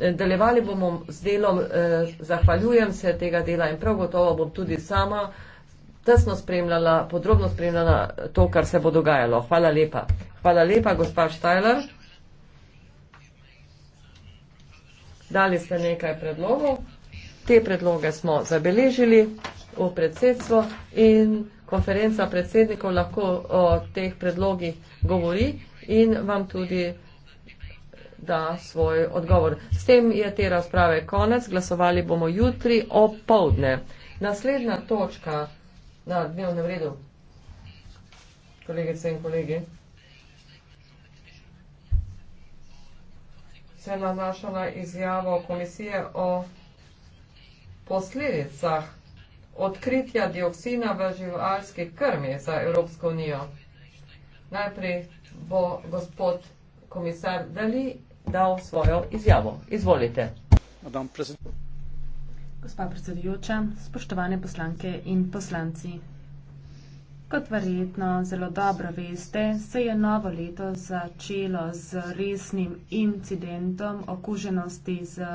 Nadaljevali bomo z delom, eh, zahvaljujem se tega dela in prav gotovo bom tudi sama tesno spremljala, podrobno spremljala to, kar se bo dogajalo. Hvala lepa. Hvala lepa, gospa Štajler. Dali ste nekaj predlogov. Te predloge smo zabeležili v predsedstvo in konferenca predsednikov lahko o teh predlogih govori in vam tudi da svoj odgovor. S tem je te razprave konec, glasovali bomo jutri o povdne. Naslednja točka na dnevnem redu, kolegice in kolegi, se nanaša na izjavo komisije o posledicah odkritja dioksina v živalski krmi za Evropsko unijo. Najprej bo gospod komisar Dali dal svojo izjavo. Izvolite. Gospa predsedujoča, spoštovane poslanke in poslanci. Kot verjetno zelo dobro veste, se je novo leto začelo z resnim incidentom okuženosti z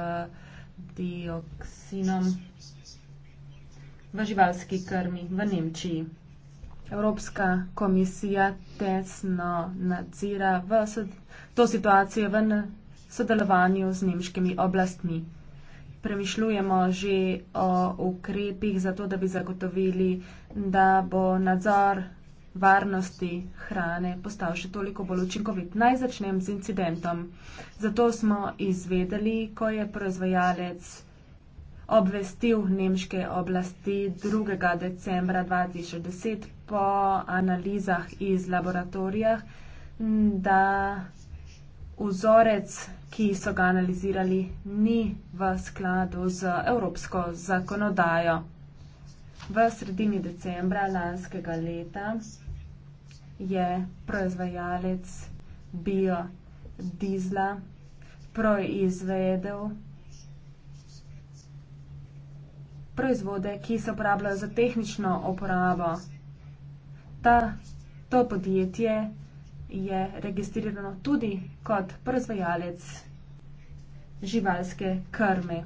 dioksinom v živalski krmi v Nemčiji. Evropska komisija tesno nadzira v, to situacijo v sodelovanju z nemškimi oblastmi. Premišljujemo že o ukrepih za to, da bi zagotovili, da bo nadzor varnosti hrane postal še toliko bolj učinkovit. Naj začnem z incidentom. Zato smo izvedeli, ko je proizvajalec obvestil nemške oblasti 2. decembra 2010 po analizah iz laboratorijah, da vzorec ki so ga analizirali, ni v skladu z evropsko zakonodajo. V sredini decembra lanskega leta je proizvajalec bio dizla proizvedel proizvode, ki se uporabljajo za tehnično uporabo. Ta, to podjetje je registrirano tudi kot proizvajalec živalske krme.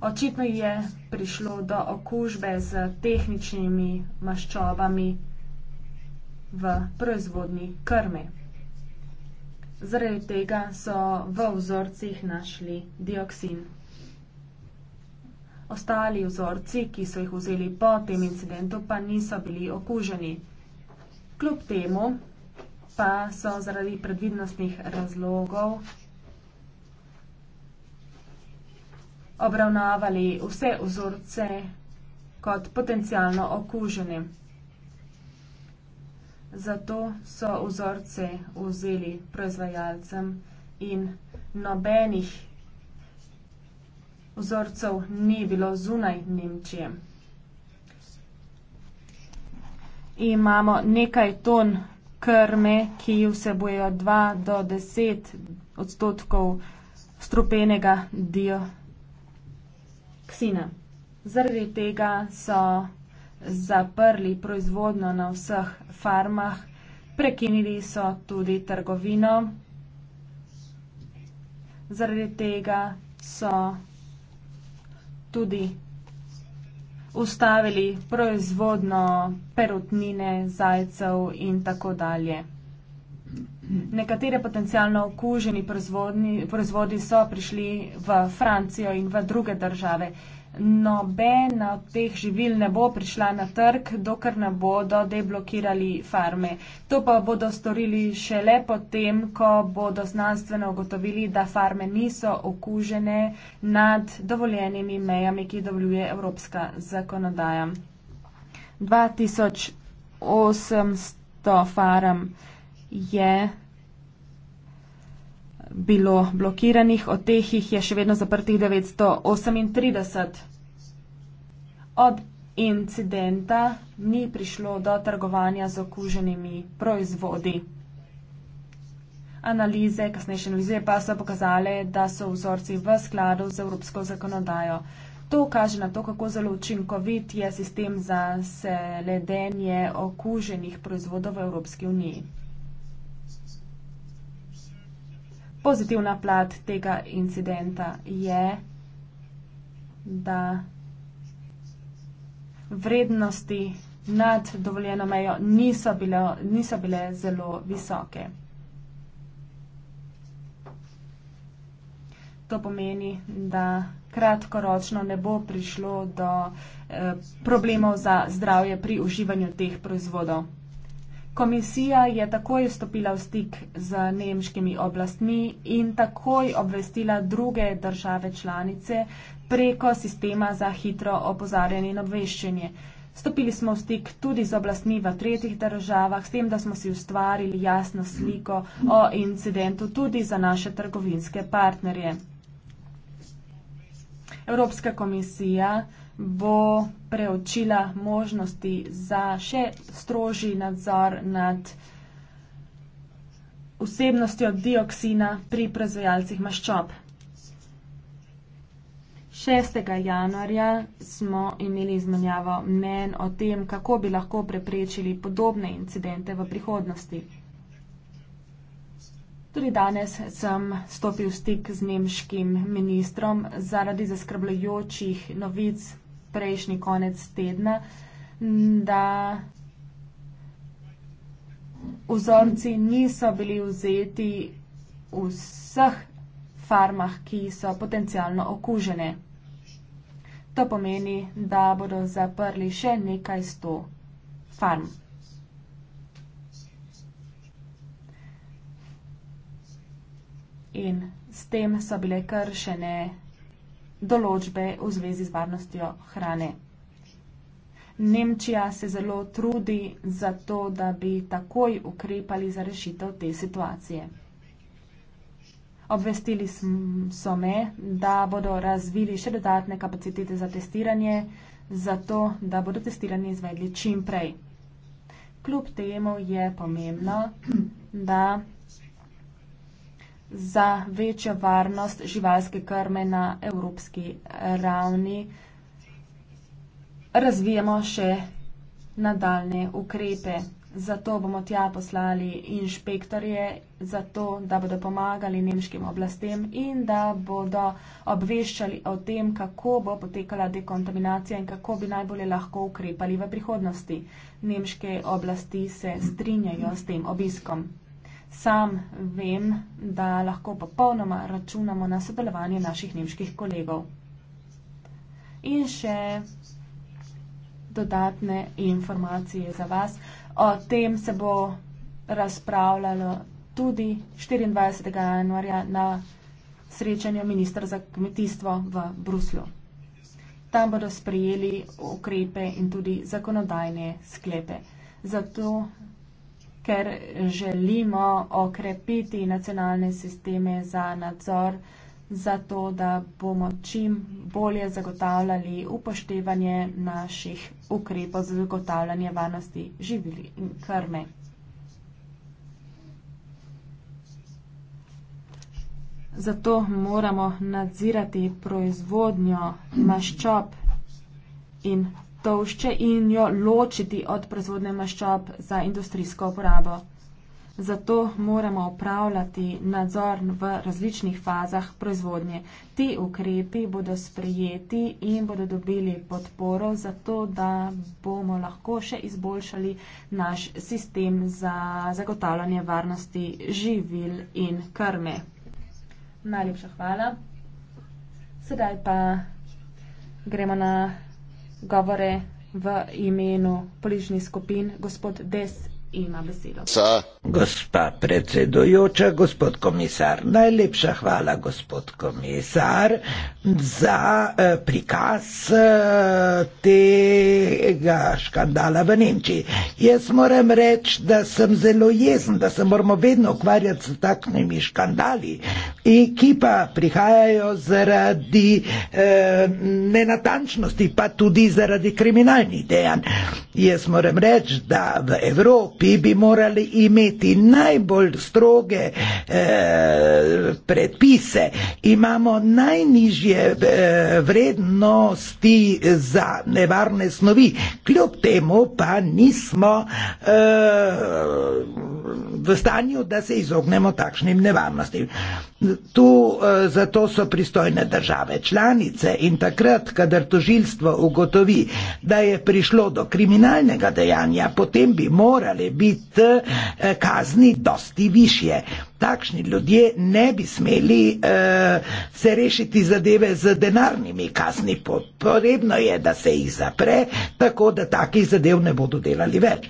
Očitno je prišlo do okužbe z tehničnimi maščobami v proizvodni krme. Zaradi tega so v vzorcih našli dioksin. Ostali vzorci, ki so jih vzeli po tem incidentu, pa niso bili okuženi. Kljub temu pa so zaradi predvidnostnih razlogov obravnavali vse vzorce kot potencijalno okužene. Zato so vzorce vzeli proizvajalcem in nobenih vzorcev ni bilo zunaj Nemčije. Imamo nekaj ton krme, ki vsebojo 2 do 10 odstotkov strupenega dioksida toksine. Zaradi tega so zaprli proizvodno na vseh farmah, prekinili so tudi trgovino. Zaradi tega so tudi ustavili proizvodno perutnine, zajcev in tako dalje. Nekateri potencialno okuženi proizvodi so prišli v Francijo in v druge države. Nobena od teh živil ne bo prišla na trg, dokler ne bodo deblokirali farme. To pa bodo storili šele potem, ko bodo znanstveno ugotovili, da farme niso okužene nad dovoljenimi mejami, ki dovoljuje evropska zakonodaja. 2800 farem je bilo blokiranih, od teh jih je še vedno zaprtih 938. Od incidenta ni prišlo do trgovanja z okuženimi proizvodi. Analize, kasnejše analize pa so pokazale, da so vzorci v skladu z evropsko zakonodajo. To kaže na to, kako zelo učinkovit je sistem za sledenje okuženih proizvodov v Evropski uniji. pozitivna plat tega incidenta je, da vrednosti nad dovoljeno mejo niso bile, niso bile zelo visoke. To pomeni, da kratkoročno ne bo prišlo do eh, problemov za zdravje pri uživanju teh proizvodov. Komisija je takoj stopila v stik z nemškimi oblastmi in takoj obvestila druge države članice preko sistema za hitro opozarjanje in obveščanje. Stopili smo v stik tudi z oblastmi v tretjih državah, s tem, da smo si ustvarili jasno sliko o incidentu tudi za naše trgovinske partnerje. Evropska komisija bo preučila možnosti za še strožji nadzor nad vsebnostjo dioksina pri proizvajalcih maščob. 6. januarja smo imeli izmenjavo mnen o tem, kako bi lahko preprečili podobne incidente v prihodnosti. Tudi danes sem stopil v stik z nemškim ministrom zaradi zaskrbljajočih novic prejšnji konec tedna, da vzorci niso bili vzeti v vseh farmah, ki so potencialno okužene. To pomeni, da bodo zaprli še nekaj sto farm. In s tem so bile kršene določbe v zvezi z varnostjo hrane. Nemčija se zelo trudi za to, da bi takoj ukrepali za rešitev te situacije. Obvestili so me, da bodo razvili še dodatne kapacitete za testiranje, zato da bodo testiranje izvedli čim prej. Kljub temu je pomembno, da za večjo varnost živalske krme na evropski ravni razvijamo še nadaljne ukrepe. Zato bomo tja poslali inšpektorje, zato, da bodo pomagali nemškim oblastem in da bodo obveščali o tem, kako bo potekala dekontaminacija in kako bi najbolje lahko ukrepali v prihodnosti. Nemške oblasti se strinjajo s tem obiskom. Sam vem, da lahko popolnoma računamo na sodelovanje naših nemških kolegov. In še dodatne informacije za vas. O tem se bo razpravljalo tudi 24. januarja na srečanju ministra za kmetijstvo v Bruslju. Tam bodo sprejeli ukrepe in tudi zakonodajne sklepe. Zato ker želimo okrepiti nacionalne sisteme za nadzor, zato da bomo čim bolje zagotavljali upoštevanje naših ukrepov za zagotavljanje varnosti živili in krme. Zato moramo nadzirati proizvodnjo maščob in tolšče in jo ločiti od proizvodne maščob za industrijsko uporabo. Zato moramo upravljati nadzor v različnih fazah proizvodnje. Ti ukrepi bodo sprejeti in bodo dobili podporo za to, da bomo lahko še izboljšali naš sistem za zagotavljanje varnosti živil in krme. Najlepša hvala. Sedaj pa gremo na govore v imenu poližnih skupin gospod Des ima besedo. Sa. Gospa predsedujoča, gospod komisar, najlepša hvala, gospod komisar, za eh, prikaz eh, tega škandala v Nemčiji. Jaz moram reči, da sem zelo jezen, da se moramo vedno ukvarjati s takšnimi škandali, ki pa prihajajo zaradi eh, nenatančnosti, pa tudi zaradi kriminalnih dejanj. Jaz moram reči, da v Evropi bi, bi morali imeti najbolj stroge eh, predpise, imamo najnižje eh, vrednosti za nevarne snovi, kljub temu pa nismo eh, v stanju, da se izognemo takšnim nevarnostim. Tu eh, zato so pristojne države članice in takrat, kadar tožilstvo ugotovi, da je prišlo do kriminalnega dejanja, potem bi morali biti eh, kazni dosti više. Takšni ljudje ne bi smeli uh, se rešiti zadeve z denarnimi kazni. Potrebno je, da se jih zapre, tako da takih zadev ne bodo delali več.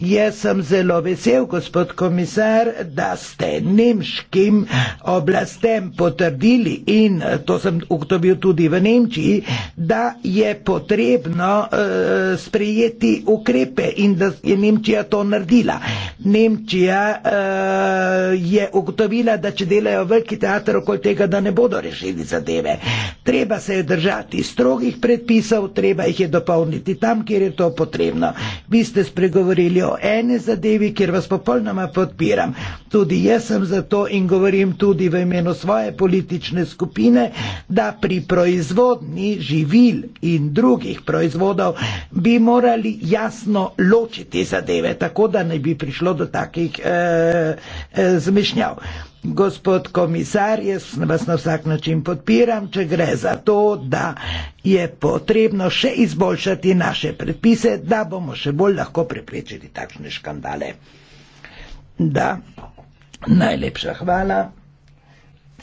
Jaz sem zelo vesel, gospod komisar, da ste nemškim oblastem potrdili in eh, to sem ugotovil tudi v Nemčiji, da je potrebno uh, sprejeti ukrepe in da je Nemčija to naredila. Nemčija uh, je ugotovila, da če delajo veliki teater okoli tega, da ne bodo rešili zadeve. Treba se je držati strogih predpisov, treba jih je dopolniti tam, kjer je to potrebno. Vi ste spregovorili o o eni zadevi, kjer vas popolnoma podpiram. Tudi jaz sem zato in govorim tudi v imenu svoje politične skupine, da pri proizvodni živil in drugih proizvodov bi morali jasno ločiti zadeve, tako da ne bi prišlo do takih eh, eh, zmešnjav. Gospod komisar, jaz vas na vsak način podpiram, če gre za to, da je potrebno še izboljšati naše predpise, da bomo še bolj lahko preprečili takšne škandale. Da, najlepša hvala.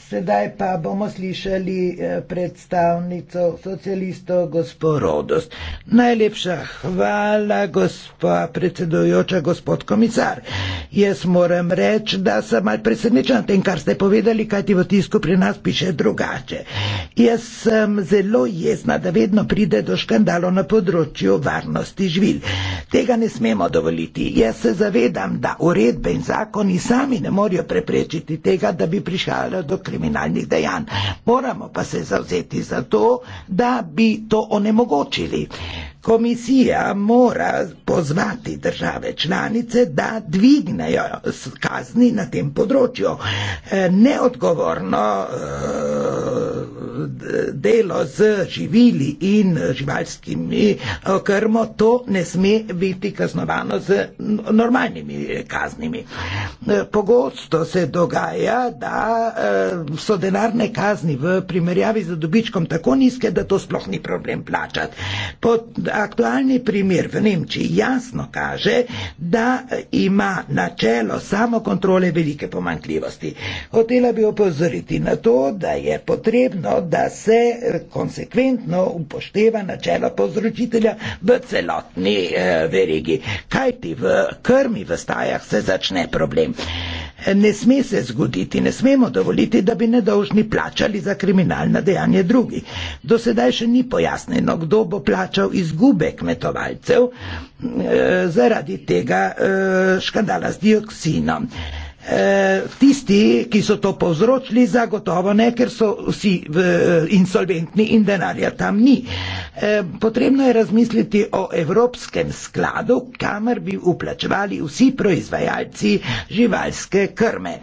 Sedaj pa bomo slišali eh, predstavnico socialistov, gospod Rodost. Najlepša hvala, gospa predsedujoča, gospod komisar. Jaz moram reči, da sem mal presenečen tem, kar ste povedali, kaj ti v tisku pri nas piše drugače. Jaz sem zelo jezna, da vedno pride do škandalo na področju varnosti živil. Tega ne smemo dovoliti. Jaz se zavedam, da uredbe in zakoni sami ne morejo preprečiti tega, da bi prišalo do krivosti kriminalnih dejanj. Moramo pa se zauzeti za to, da bi to onemogočili. Komisija mora pozvati države članice, da dvignejo kazni na tem področju. Eh, neodgovorno eh, delo z živili in živalskimi krmo, to ne sme biti kaznovano z normalnimi kaznimi. Eh, pogosto se dogaja, da so denarne kazni v primerjavi z dobičkom tako nizke, da to sploh ni problem plačati. Pod aktualni primer v Nemčiji jasno kaže, da eh, ima načelo samokontrole velike pomankljivosti. Hotela bi opozoriti na to, da je potrebno, da se eh, konsekventno upošteva načelo povzročitelja v celotni eh, verigi. Kaj ti v krmi, v stajah se začne problem? Eh, ne sme se zgoditi, ne smemo dovoliti, da bi nedolžni plačali za kriminalna dejanja drugih. Do sedaj še ni pojasnjeno, kdo bo plačal izgube kmetovalcev eh, zaradi tega eh, škandala z dioksinom. Eh, tisti, ki so to povzročili, zagotovo ne, ker so vsi eh, insolventni in denarja tam ni. Eh, potrebno je razmisliti o evropskem skladu, kamer bi uplačevali vsi proizvajalci živalske krme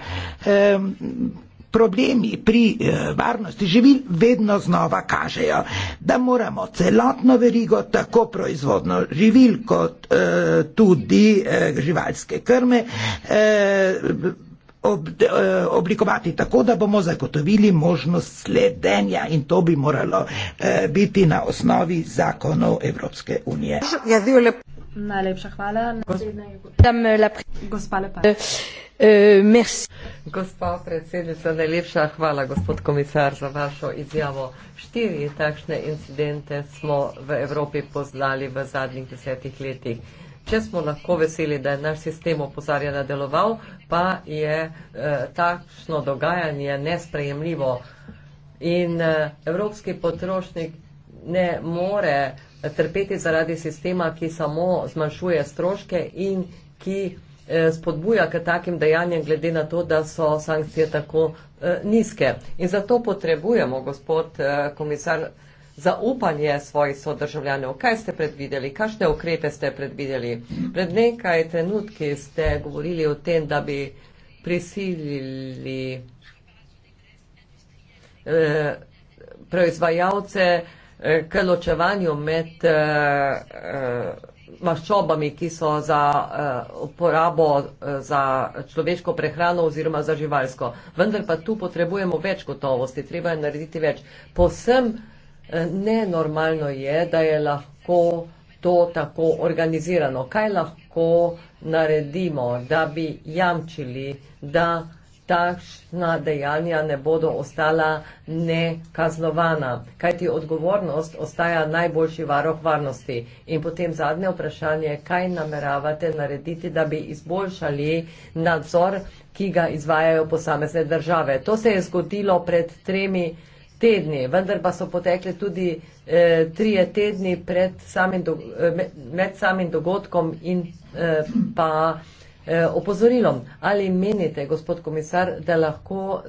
problemi pri eh, varnosti živil vedno znova kažejo, da moramo celotno verigo, tako proizvodno živil kot eh, tudi eh, živalske krme, oblikovati tako, da bomo zagotovili možnost sledenja in to bi moralo biti na osnovi zakonov Evropske unije. Ja, Najlepša hvala. Gospa Lepa. Eh, merci. Gospa predsednica, najlepša hvala, gospod komisar, za vašo izjavo. Štiri takšne incidente smo v Evropi poznali v zadnjih desetih letih. Če smo lahko veseli, da je naš sistem opozarjanja deloval, pa je eh, takšno dogajanje nesprejemljivo. In eh, evropski potrošnik ne more trpeti zaradi sistema, ki samo zmanjšuje stroške in ki Eh, spodbuja k takim dejanjem, glede na to, da so sankcije tako eh, nizke. In zato potrebujemo, gospod eh, komisar, zaupanje svojih sodržavljanov. Kaj ste predvideli? Kakšne ukrepe ste predvideli? Pred nekaj trenutki ste govorili o tem, da bi prisilili proizvajalce k ločevanju med maščobami, ki so za eh, uporabo eh, za človeško prehrano oziroma za živalsko. Vendar pa tu potrebujemo več gotovosti, treba je narediti več. Posem eh, nenormalno je, da je lahko to tako organizirano. Kaj lahko naredimo, da bi jamčili, da takšna dejanja ne bodo ostala nekaznovana, kajti odgovornost ostaja najboljši varoh varnosti. In potem zadnje vprašanje, kaj nameravate narediti, da bi izboljšali nadzor, ki ga izvajajo posamezne države. To se je zgodilo pred tremi tedni, vendar pa so potekli tudi eh, trije tedni pred samim, do, eh, med, med samim dogodkom in eh, pa. Eh, opozorilom. Ali menite, gospod komisar, da lahko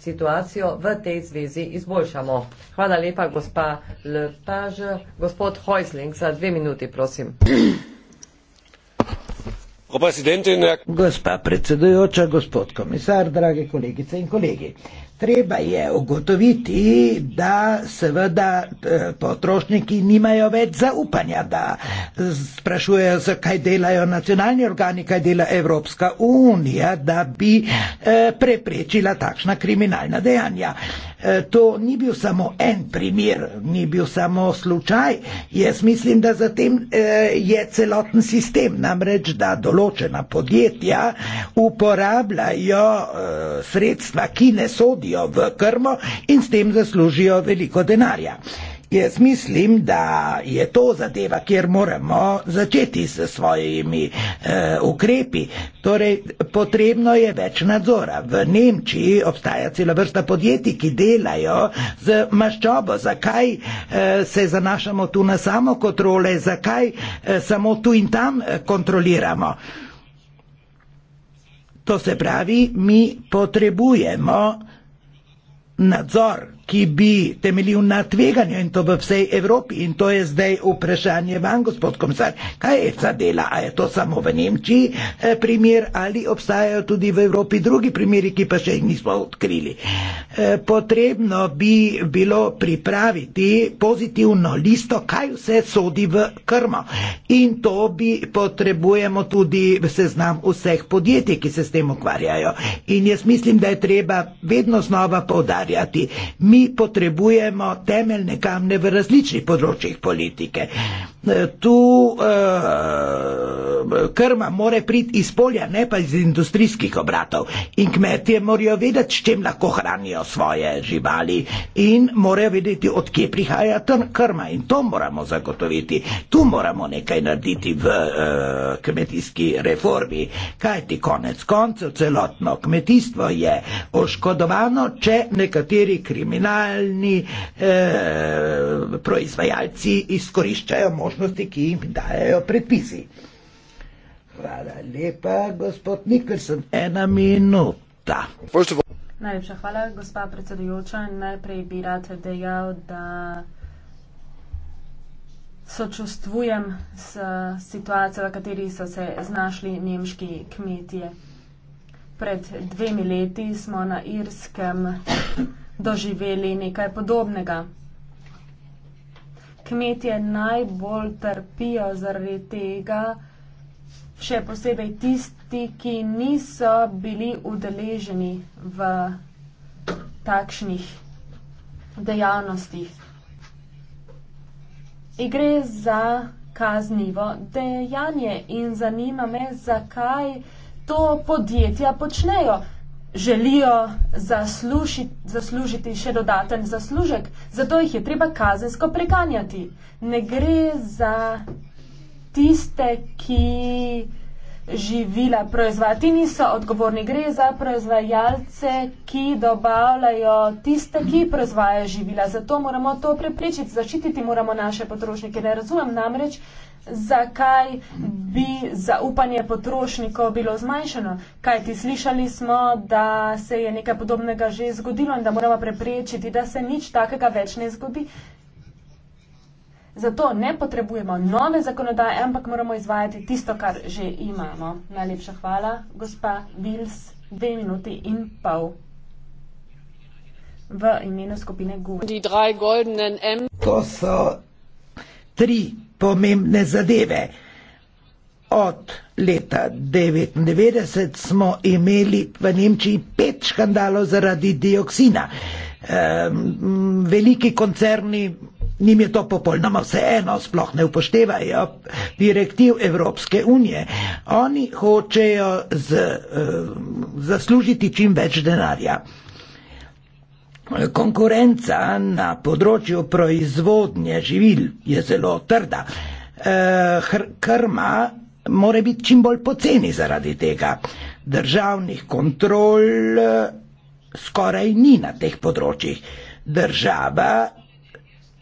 situacijo v tej zvezi izboljšamo? Hvala lepa, gospa Lepaž. Gospod Hojsling, za dve minuti, prosim. Gospa predsedujoča, gospod komisar, drage kolegice in kolegi. Treba je ugotoviti, da seveda eh, potrošniki nimajo več zaupanja, da sprašujejo, zakaj delajo nacionalni organi, kaj dela Evropska unija, da bi eh, preprečila takšna kriminalna dejanja. E, to ni bil samo en primer, ni bil samo slučaj. Jaz mislim, da zatem e, je celoten sistem, namreč da določena podjetja uporabljajo e, sredstva, ki ne sodijo v krmo in s tem zaslužijo veliko denarja. Jaz mislim, da je to zadeva, kjer moramo začeti s svojimi uh, ukrepi. Torej, potrebno je več nadzora. V Nemčiji obstaja cela vrsta podjetij, ki delajo z maščobo. Zakaj uh, se zanašamo tu na samo kontrole, zakaj uh, samo tu in tam kontroliramo? To se pravi, mi potrebujemo nadzor ki bi temeljil na tveganju in to v vsej Evropi. In to je zdaj vprašanje vam, gospod komisar. Kaj je ta dela? A je to samo v Nemčiji e, primer ali obstajajo tudi v Evropi drugi primeri, ki pa še jih nismo odkrili? E, potrebno bi bilo pripraviti pozitivno listo, kaj vse sodi v krmo. In to bi potrebujemo tudi seznam vseh podjetij, ki se s tem ukvarjajo. In jaz mislim, da je treba vedno znova povdarjati. Mi mi potrebujemo temeljne kamne v različnih področjih politike. E, tu uh, krma more priti iz polja, ne pa iz industrijskih obratov. In kmetje morajo vedeti, s čim lahko hranijo svoje živali in morajo vedeti, odkje prihaja ta krma. In to moramo zagotoviti. Tu moramo nekaj narediti v uh, kmetijski reformi. Kaj ti konec koncev celotno kmetijstvo je oškodovano, če nekateri kriminali nacionalni eh, proizvajalci izkoriščajo možnosti, ki jim dajo predpisi. Hvala lepa, gospod Nikolson. Ena minuta. Najlepša hvala, gospa predsedujoča. Najprej bi rad dejal, da sočustvujem s situacijo, v kateri so se znašli nemški kmetije. Pred dvemi leti smo na Irskem doživeli nekaj podobnega. Kmetje najbolj trpijo zaradi tega, še posebej tisti, ki niso bili udeleženi v takšnih dejavnostih. In gre za kaznivo dejanje in zanima me, zakaj to podjetja počnejo želijo zaslušiti, zaslužiti še dodaten zaslužek, zato jih je treba kazensko preganjati. Ne gre za tiste, ki živila proizvati. Niso odgovorni, gre za proizvajalce, ki dobavljajo tiste, ki proizvajajo živila. Zato moramo to prepričati, zaščititi moramo naše potrošnike. Ne razumem namreč, zakaj bi zaupanje potrošnikov bilo zmanjšeno. Kaj ti slišali smo, da se je nekaj podobnega že zgodilo in da moramo prepričati, da se nič takega več ne zgodi. Zato ne potrebujemo nove zakonodaje, ampak moramo izvajati tisto, kar že imamo. Najlepša hvala, gospa Bils, dve minuti in pol. V imenu skupine e. Google. To so tri pomembne zadeve. Od leta 1999 smo imeli v Nemčiji pet škandalov zaradi dioksina. Um, veliki koncerni. Nim je to popolnoma vseeno, sploh ne upoštevajo direktiv Evropske unije. Oni hočejo z, eh, zaslužiti čim več denarja. Konkurenca na področju proizvodnje živil je zelo trda. Eh, krma more biti čim bolj poceni zaradi tega. Državnih kontrol eh, skoraj ni na teh področjih. Država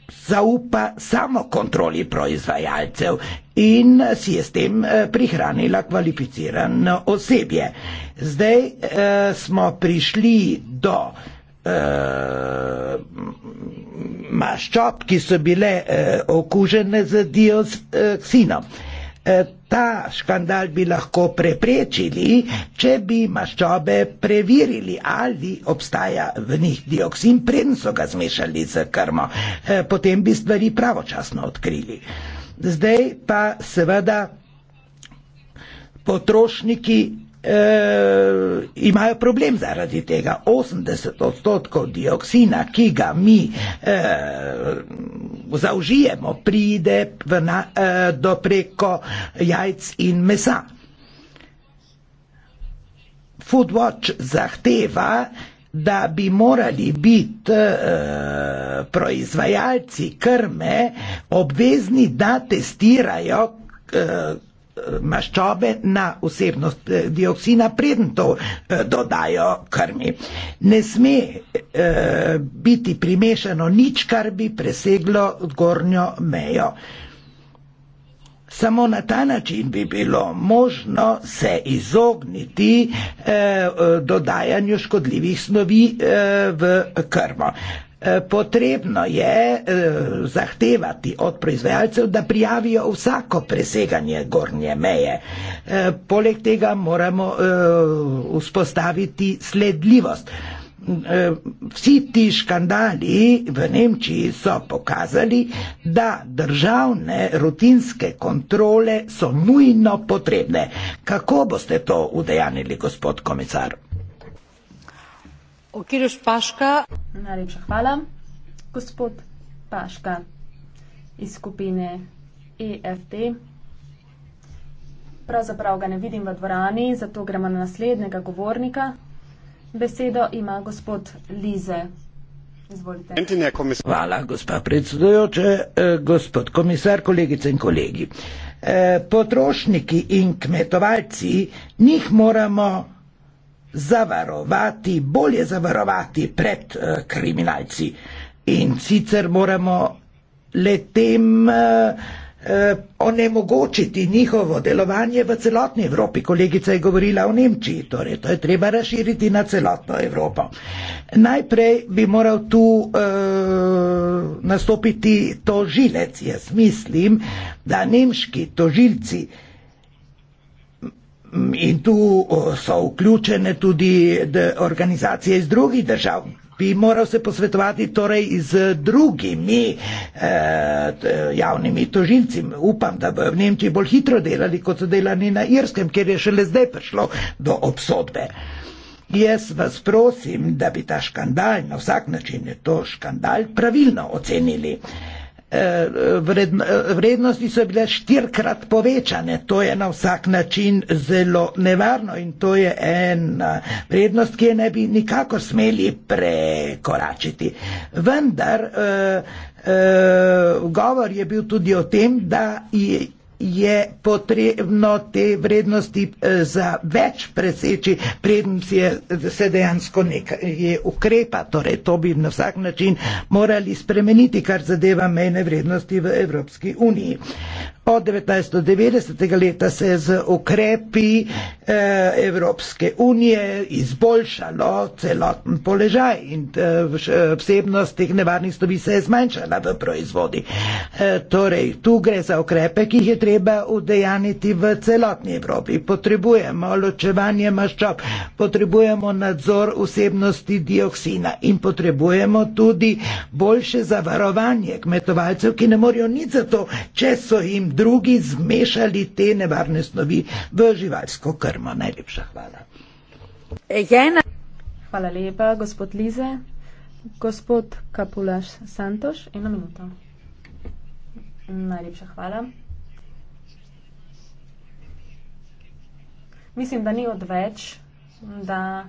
zaupa samo kontroli proizvajalcev in si je s tem eh, prihranila kvalificirano osebje. Zdaj eh, smo prišli do eh, maščob, ki so bile eh, okužene z dioksinom. Eh, Ta škandal bi lahko preprečili, če bi maščobe preverili, ali obstaja v njih dioksin, preden so ga zmešali z krmo. E, potem bi stvari pravočasno odkrili. Zdaj pa seveda potrošniki eh, imajo problem zaradi tega. 80 odstotkov dioksina, ki ga mi eh, zaužijemo, pride na, eh, do preko jajc in mesa. Foodwatch zahteva, da bi morali biti e, proizvajalci krme obvezni, da testirajo, e, maščobe na vsebnost eh, dioksina, preden to eh, dodajo krmi. Ne sme eh, biti primešano nič, kar bi preseglo zgornjo mejo. Samo na ta način bi bilo možno se izogniti eh, dodajanju škodljivih snovi eh, v krmo. Eh, Eh, potrebno je eh, zahtevati od proizvajalcev, da prijavijo vsako preseganje gornje meje. Eh, poleg tega moramo vzpostaviti sledljivost. Vsi ti škandali v Nemčiji so pokazali, da državne rutinske kontrole so nujno potrebne. Kako boste to udejanili, gospod komisar? Okiruš Paška. Najlepša hvala. Gospod Paška iz skupine EFD. Pravzaprav ga ne vidim v dvorani, zato gremo na naslednjega govornika. Besedo ima gospod Lize. Izvolite. Hvala, gospa predsedujoča, e, gospod komisar, kolegice in kolegi. E, potrošniki in kmetovalci, njih moramo zavarovati, bolje zavarovati pred uh, kriminalci. In sicer moramo le tem uh, uh, onemogočiti njihovo delovanje v celotni Evropi. Kolegica je govorila o Nemčiji, torej to je treba razširiti na celotno Evropo. Najprej bi moral tu uh, nastopiti tožilec. Jaz mislim, da nemški tožilci uh, In tu so vključene tudi organizacije iz drugih držav. Bi moral se posvetovati torej z drugimi eh, javnimi tožilci. Upam, da bodo v Nemčiji bolj hitro delali, kot so delali na Irskem, kjer je šele zdaj prišlo do obsodbe. Jaz vas prosim, da bi ta škandal, na vsak način je to škandal, pravilno ocenili. Eh, Eh, eh, vrednosti so bile štirikrat povečane. To je na vsak način zelo nevarno in to je ena prednost, ki je ne bi nikako smeli prekoračiti. Vendar, Uh, govor je bil tudi o tem, da je potrebno te vrednosti eh, za več preseči, predem si je se dejansko nekaj ukrepa. Torej, to bi na vsak način morali spremeniti, kar zadeva mejne vrednosti v Evropski uniji. Od 1990. leta se je z ukrepi eh, Evropske unije izboljšalo celoten položaj in eh, vsebnost teh nevarnih stovi se je zmanjšala v proizvodi. Eh, torej, tu gre za ukrepe, ki jih je treba udejaniti v celotni Evropi. Potrebujemo ločevanje maščob, potrebujemo nadzor vsebnosti dioksina in potrebujemo tudi boljše zavarovanje kmetovalcev, ki ne morejo nič za to, če so jim drugi zmešali te nevarne snovi v živalsko krmo. Najlepša hvala. Ejena. Hvala lepa, gospod Lize. Gospod Kapulaš Santoš, eno minuto. Najlepša hvala. Mislim, da ni odveč, da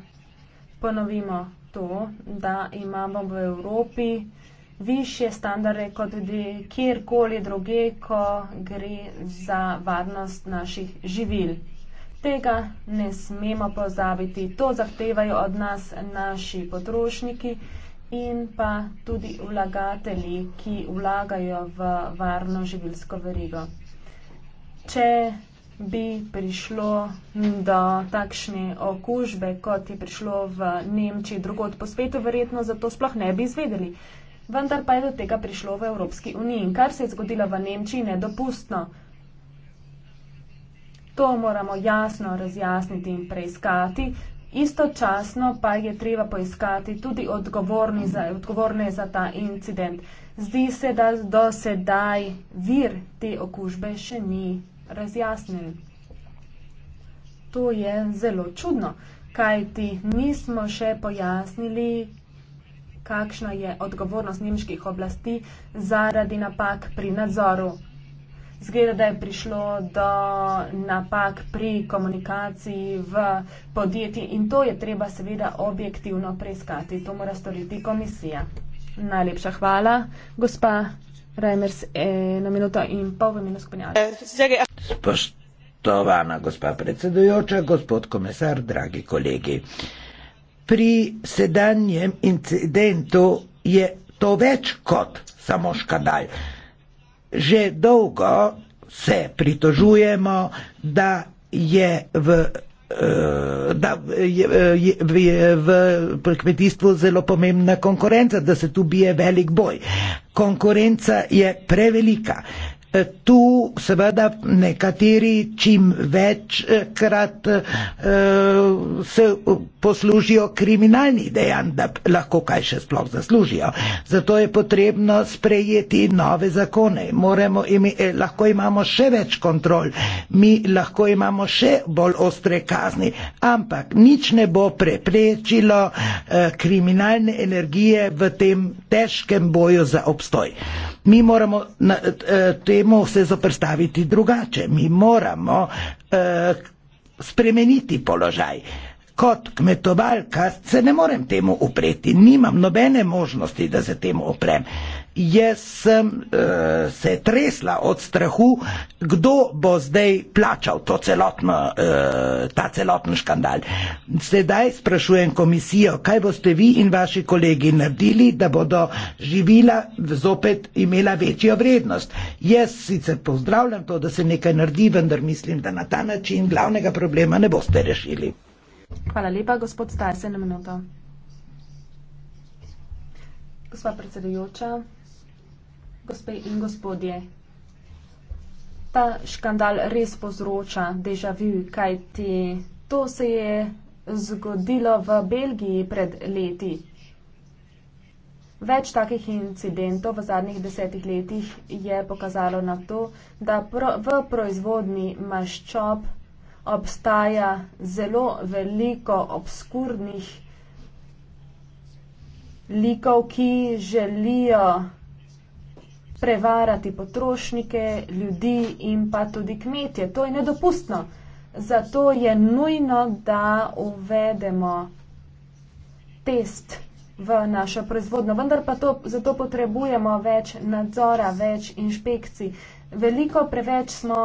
ponovimo to, da imamo v Evropi višje standarde kot tudi kjerkoli druge, ko gre za varnost naših živil. Tega ne smemo pozabiti. To zahtevajo od nas naši potrošniki in pa tudi vlagatelji, ki vlagajo v varno živilsko verigo. Če bi prišlo do takšne okužbe, kot je prišlo v Nemčiji, drugod po svetu, verjetno zato sploh ne bi izvedeli, vendar pa je do tega prišlo v Evropski uniji in kar se je zgodilo v Nemčiji nedopustno. To moramo jasno razjasniti in preiskati. Istočasno pa je treba poiskati tudi za, odgovorne za ta incident. Zdi se, da do sedaj vir te okužbe še ni razjasnen. To je zelo čudno, kajti nismo še pojasnili, kakšna je odgovornost nemških oblasti zaradi napak pri nadzoru. Zgleda, da je prišlo do napak pri komunikaciji v podjetji in to je treba seveda objektivno preiskati. To mora storiti komisija. Najlepša hvala, gospa Reimers, na minuto in pol v imenu skupinjala. Spoštovana gospa predsedujoča, gospod komisar, dragi kolegi pri sedanjem incidentu je to več kot samo škandal. Že dolgo se pritožujemo, da je v, eh, da je, je, je v kmetijstvu zelo pomembna konkurenca, da se tu bije velik boj. Konkurenca je prevelika. Tu seveda nekateri čim večkrat eh, se poslužijo kriminalnih dejanj, da lahko kaj še sploh zaslužijo. Zato je potrebno sprejeti nove zakone. Moremo, imi, eh, lahko imamo še več kontrol, mi lahko imamo še bolj ostre kazni, ampak nič ne bo preprečilo eh, kriminalne energije v tem težkem boju za obstoj. Mi moramo na, eh, tem moremo se zoprstaviti drugače, mi moramo eh, spremeniti položaj. Kot kmetovalka se ne morem temu upreti, nimam nobene možnosti, da se temu oprem jaz sem uh, se tresla od strahu, kdo bo zdaj plačal celotno, uh, ta celoten škandal. Sedaj sprašujem komisijo, kaj boste vi in vaši kolegi naredili, da bodo živila zopet imela večjo vrednost. Jaz sicer pozdravljam to, da se nekaj naredi, vendar mislim, da na ta način glavnega problema ne boste rešili. Hvala lepa, gospod Stajsen, minuto. Gospa predsedujoča, gospe in gospodje. Ta škandal res povzroča deja vu, kaj ti to se je zgodilo v Belgiji pred leti. Več takih incidentov v zadnjih desetih letih je pokazalo na to, da pro, v proizvodni maščob obstaja zelo veliko obskurnih likov, ki želijo prevarati potrošnike, ljudi in pa tudi kmetje. To je nedopustno. Zato je nujno, da uvedemo test v našo proizvodno. Vendar pa to, zato potrebujemo več nadzora, več inšpekcij. Veliko preveč smo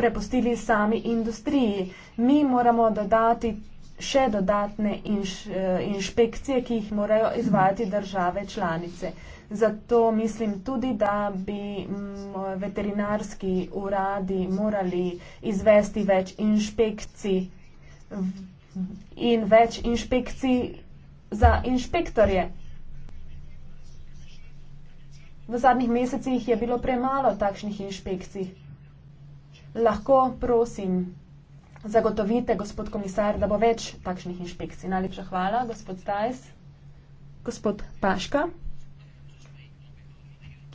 prepustili sami industriji. Mi moramo dodati še dodatne inš, eh, inšpekcije, ki jih morajo izvajati države članice. Zato mislim tudi, da bi mm, veterinarski uradi morali izvesti več inšpekcij in več inšpekcij za inšpektorje. V zadnjih mesecih je bilo premalo takšnih inšpekcij. Lahko, prosim, zagotovite, gospod komisar, da bo več takšnih inšpekcij. Najlepša hvala, gospod Stajs. Gospod Paška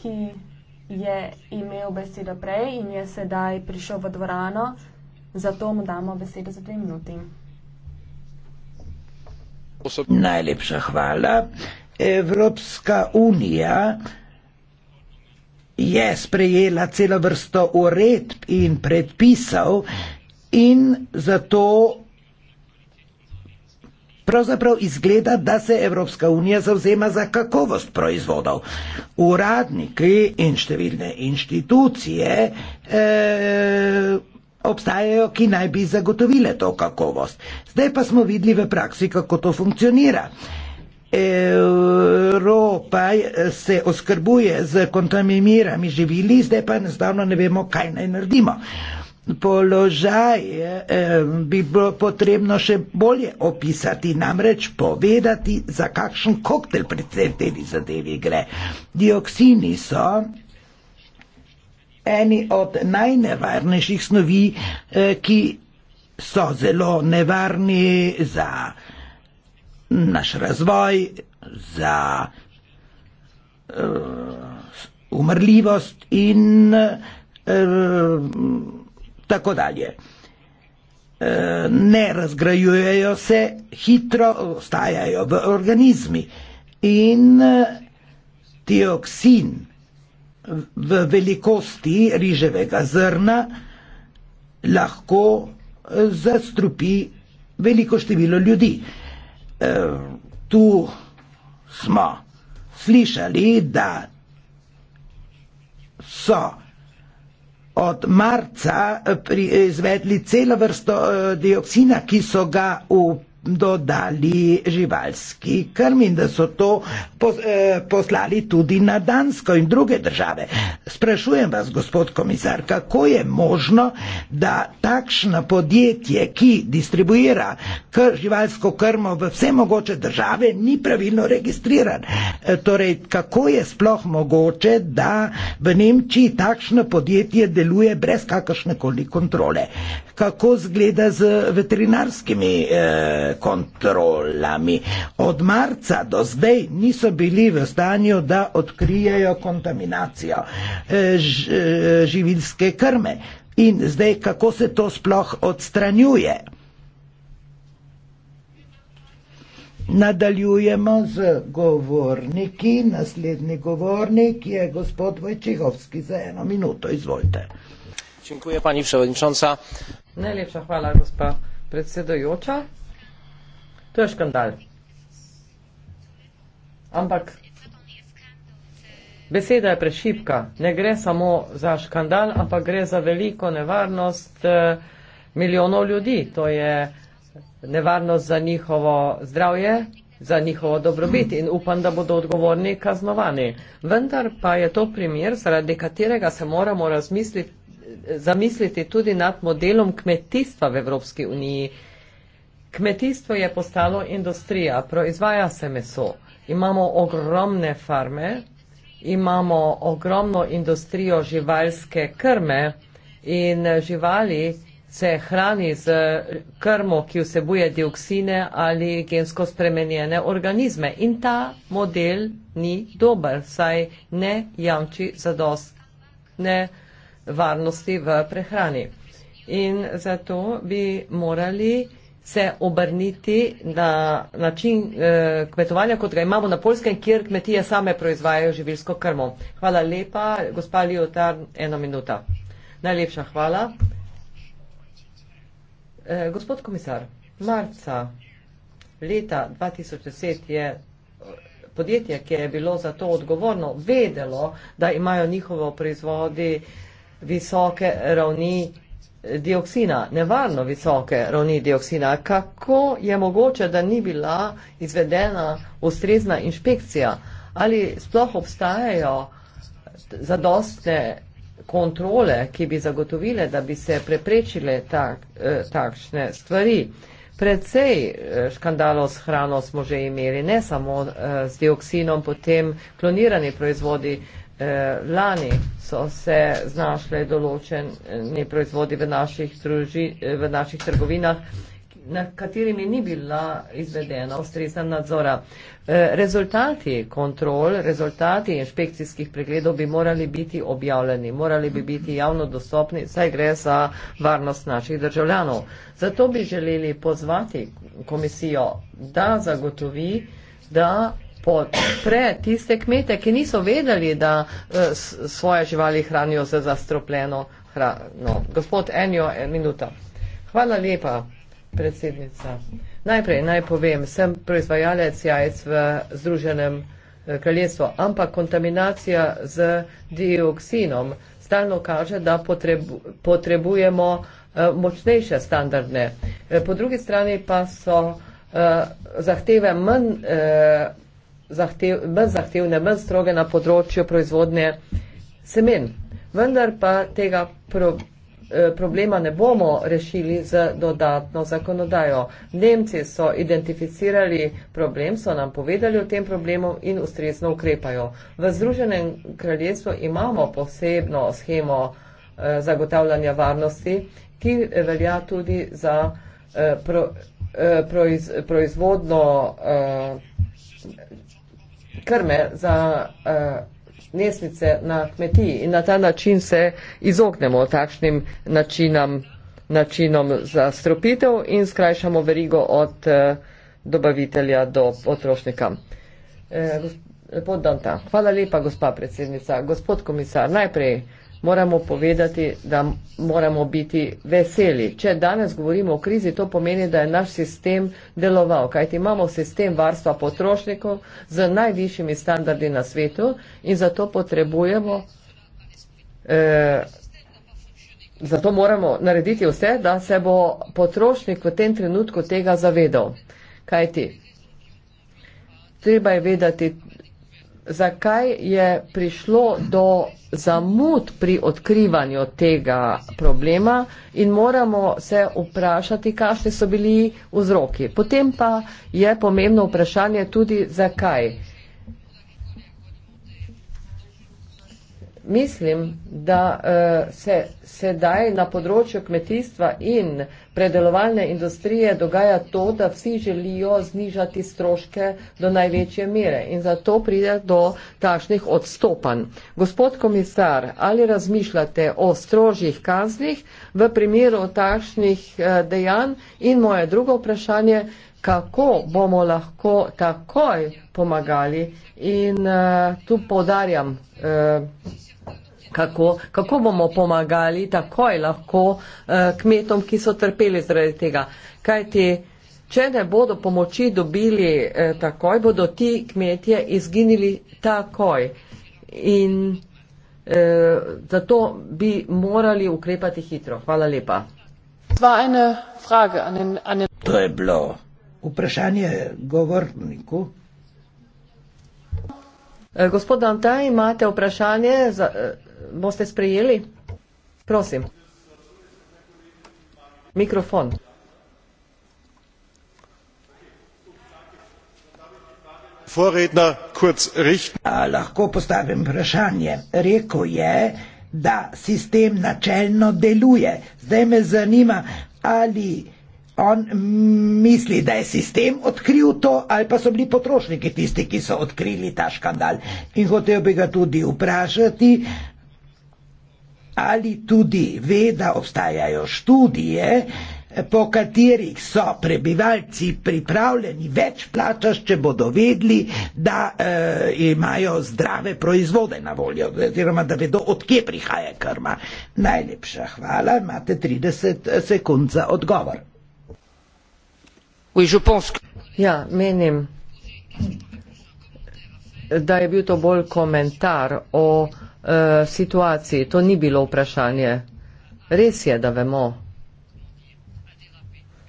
ki je imel besedo prej in je sedaj prišel v dvorano, zato mu damo besedo za dve minuti. Najlepša hvala. Evropska unija je sprejela celo vrsto uredb in predpisov in zato Pravzaprav izgleda, da se Evropska unija zavzema za kakovost proizvodov. Uradniki in številne inštitucije e, obstajajo, ki naj bi zagotovile to kakovost. Zdaj pa smo videli v praksi, kako to funkcionira. Evropa se oskrbuje z kontaminirami živili, zdaj pa enostavno ne vemo, kaj naj naredimo položaj eh, bi bilo potrebno še bolje opisati, namreč povedati, za kakšen koktel pri tej zadevi gre. Dioksini so eni od najnevarnejših snovi, eh, ki so zelo nevarni za naš razvoj, za eh, umrljivost in eh, tako dalje. E, ne razgrajujejo se, hitro ostajajo v organizmi in dioksin e, v velikosti riževega zrna lahko e, zastrupi veliko število ljudi. Tu smo slišali, da so od marca eh, pri, eh, izvedli celo vrsto eh, dioksina, ki so ga v dodali živalski krm in da so to pos, eh, poslali tudi na Dansko in druge države. Sprašujem vas, gospod komisar, kako je možno, da takšna podjetje, ki distribuira kr, živalsko krmo v vse mogoče države, ni pravilno registriran? Eh, torej, kako je sploh mogoče, da v Nemčiji takšno podjetje deluje brez kakršne koli kontrole? Kako zgleda z veterinarskimi eh, kontrolami. Od marca do zdaj niso bili v stanju, da odkrijajo kontaminacijo e, ž, e, živilske krme. In zdaj, kako se to sploh odstranjuje? Nadaljujemo z govorniki. Naslednji govornik je gospod Vojčehovski za eno minuto. Izvolite. Dziękuję pani przewodnicząca. Najlepsza chwała, gospa predsedojoča. To je škandal. Ampak beseda je prešipka. Ne gre samo za škandal, ampak gre za veliko nevarnost eh, milijonov ljudi. To je nevarnost za njihovo zdravje, za njihovo dobrobit in upam, da bodo odgovorni kaznovani. Vendar pa je to primer, zaradi katerega se moramo zamisliti tudi nad modelom kmetijstva v Evropski uniji. Kmetijstvo je postalo industrija, proizvaja se meso. Imamo ogromne farme, imamo ogromno industrijo živalske krme in živali se hrani z krmo, ki vsebuje dioksine ali gensko spremenjene organizme. In ta model ni dober, saj ne jamči zadostne varnosti v prehrani. In zato bi morali se obrniti na način eh, kmetovanja, kot ga imamo na polskem, kjer kmetije same proizvajajo živilsko krmo. Hvala lepa, gospa Liotar, ena minuta. Najlepša hvala. Eh, gospod komisar, marca leta 2010 je eh, podjetje, ki je bilo za to odgovorno, vedelo, da imajo njihovo proizvodi visoke ravni dioksina, nevarno visoke ravni dioksina, kako je mogoče, da ni bila izvedena ustrezna inšpekcija? Ali sploh obstajajo zadostne kontrole, ki bi zagotovile, da bi se preprečile tak, eh, takšne stvari? Predvsej eh, škandalov s hrano smo že imeli, ne samo eh, z dioksinom, potem klonirani proizvodi, eh, lani so se znašle določeni proizvodi v naših, druži, eh, v naših trgovinah, na katerimi ni bila izvedena ustrezna nadzora. Eh, rezultati kontrol, rezultati inšpekcijskih pregledov bi morali biti objavljeni, morali bi biti javno dostopni, saj gre za varnost naših državljanov. Zato bi želeli pozvati komisijo, da zagotovi, da podpre tiste kmete, ki niso vedeli, da eh, svoje živali hranijo za zastropljeno hrano. Gospod Enjo, en minuta. Hvala lepa, predsednica. Najprej naj povem, sem proizvajalec jajc v Združenem eh, kraljestvu, ampak kontaminacija z dioksinom stalno kaže, da potrebujemo eh, močnejše standardne. Po drugi strani pa so zahteve manj zahtev, manj zahtevne, manj stroge na področju proizvodnje semen. Vendar pa tega pro, eh, problema ne bomo rešili z dodatno zakonodajo. Nemci so identificirali problem, so nam povedali o tem problemu in ustrezno ukrepajo. V Združenem kraljestvu imamo posebno schemo eh, zagotavljanja varnosti, ki velja tudi za eh, pro, eh, proiz, proizvodno. Eh, krme za uh, nesnice na kmetiji in na ta način se izognemo takšnim načinom, načinom za stropitev in skrajšamo verigo od uh, dobavitelja do potrošnika. Uh, eh, gospod Danta, hvala lepa, gospa predsednica. Gospod komisar, najprej moramo povedati, da moramo biti veseli. Če danes govorimo o krizi, to pomeni, da je naš sistem deloval, kajti imamo sistem varstva potrošnikov z najvišjimi standardi na svetu in zato potrebujemo, eh, zato moramo narediti vse, da se bo potrošnik v tem trenutku tega zavedal. Kajti, treba je vedeti zakaj je prišlo do zamud pri odkrivanju tega problema in moramo se vprašati, kakšni so bili vzroki. Potem pa je pomembno vprašanje tudi, zakaj. mislim, da uh, se sedaj na področju kmetijstva in predelovalne industrije dogaja to, da vsi želijo znižati stroške do največje mere in zato pride do takšnih odstopanj. Gospod komisar, ali razmišljate o strožjih kaznih v primeru takšnih uh, dejanj in moje drugo vprašanje, kako bomo lahko takoj pomagali in uh, tu podarjam. Uh, kako, kako bomo pomagali takoj lahko eh, kmetom, ki so trpeli zaradi tega. Kajti, če ne bodo pomoči dobili eh, takoj, bodo ti kmetje izginili takoj. In eh, zato bi morali ukrepati hitro. Hvala lepa. To je bilo vprašanje govorniku. Eh, gospod Antaj, imate vprašanje, za, eh, boste sprejeli? Prosim. Mikrofon. Vorredna, kurz richten. Lahko postavim vprašanje. Rekl je, da sistem načelno deluje. Zdaj me zanima, ali. On misli, da je sistem odkril to, ali pa so bili potrošniki tisti, ki so odkrili ta škandal. In hotel bi ga tudi vprašati, ali tudi ve, da obstajajo študije, po katerih so prebivalci pripravljeni več plačati, če bodo vedli, da e, imajo zdrave proizvode na voljo, oziroma da vedo, odkje prihaja krma. Najlepša hvala, imate 30 eh, sekund za odgovor. Ja, menim, da je bil to bolj komentar o e, situaciji. To ni bilo vprašanje. Res je, da vemo,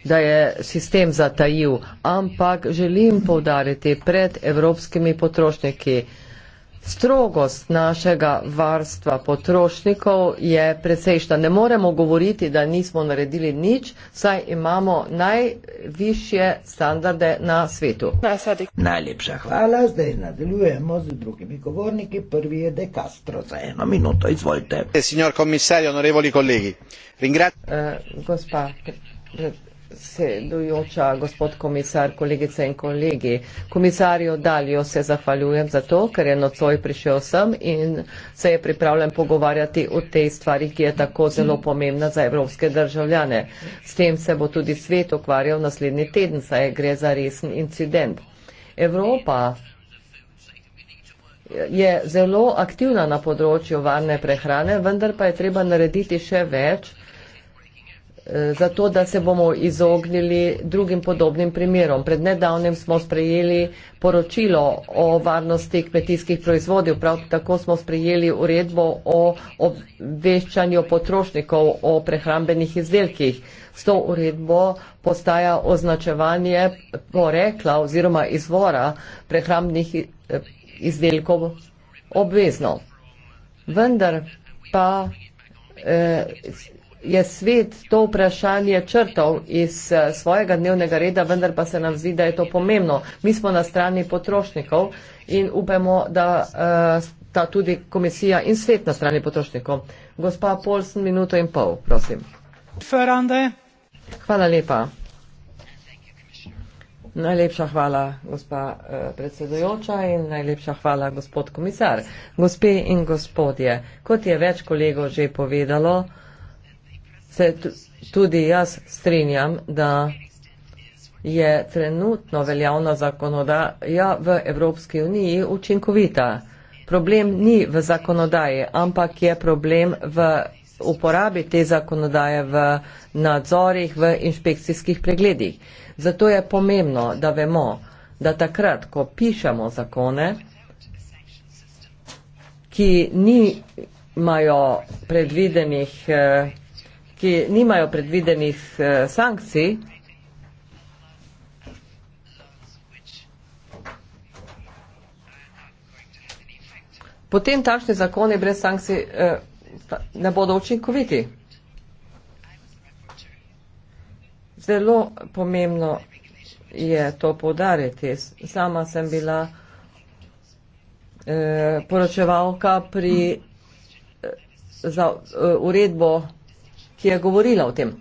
da je sistem zatajil, ampak želim povdariti pred evropskimi potrošniki. Strogost našega varstva potrošnikov je precejšna. Ne moremo govoriti, da nismo naredili nič, saj imamo najvišje standarde na svetu. Najlepša hvala, zdaj nadaljujemo z drugimi govorniki. Prvi je De Castro za eno minuto, izvolite. Eh, signor komisar, onorevoli kolegi, ringrazi. Eh, gospa Predsedujoča, gospod komisar, kolegice in kolegi. Komisarju Daljo se zahvaljujem za to, ker je nocoj prišel sem in se je pripravljen pogovarjati o tej stvari, ki je tako zelo pomembna za evropske državljane. S tem se bo tudi svet ukvarjal naslednji teden, saj gre za resen incident. Evropa je zelo aktivna na področju varne prehrane, vendar pa je treba narediti še več zato, da se bomo izognili drugim podobnim primerom. Pred nedavnim smo sprejeli poročilo o varnosti kmetijskih proizvodov, prav tako smo sprejeli uredbo o obveščanju potrošnikov o prehrambenih izdelkih. S to uredbo postaja označevanje porekla oziroma izvora prehrambnih eh, izdelkov obvezno. Vendar pa eh, je svet to vprašanje črtal iz eh, svojega dnevnega reda, vendar pa se nam zdi, da je to pomembno. Mi smo na strani potrošnikov in upajmo, da sta eh, tudi komisija in svet na strani potrošnikov. Gospa Polsen, minuto in pol, prosim. Hvala lepa. Najlepša hvala, gospa eh, predsedujoča in najlepša hvala, gospod komisar. Gospe in gospodje, kot je več kolegov že povedalo, se tudi jaz strinjam, da je trenutno veljavna zakonodaja v Evropski uniji učinkovita. Problem ni v zakonodaji, ampak je problem v uporabi te zakonodaje v nadzorih, v inšpekcijskih pregledih. Zato je pomembno, da vemo, da takrat, ko pišemo zakone, ki nimajo predvidenih eh, ki nimajo predvidenih eh, sankcij. Potem takšni zakoni brez sankcij eh, ne bodo učinkoviti. Zelo pomembno je to povdariti. Sama sem bila eh, poročevalka pri eh, za, eh, uredbo ki je govorila o tem.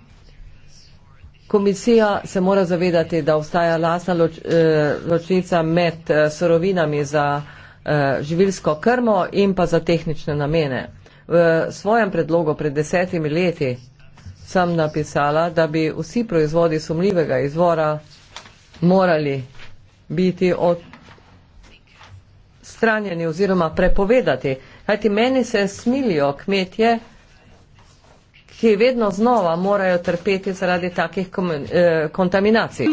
Komisija se mora zavedati, da obstaja lasna loč, eh, ločnica med eh, sorovinami za eh, živilsko krmo in pa za tehnične namene. V svojem predlogu pred desetimi leti sem napisala, da bi vsi proizvodi sumljivega izvora morali biti odstranjeni oziroma prepovedati. Kajti meni se smilijo kmetje, ki vedno znova morajo trpeti zaradi takih eh, kontaminacij.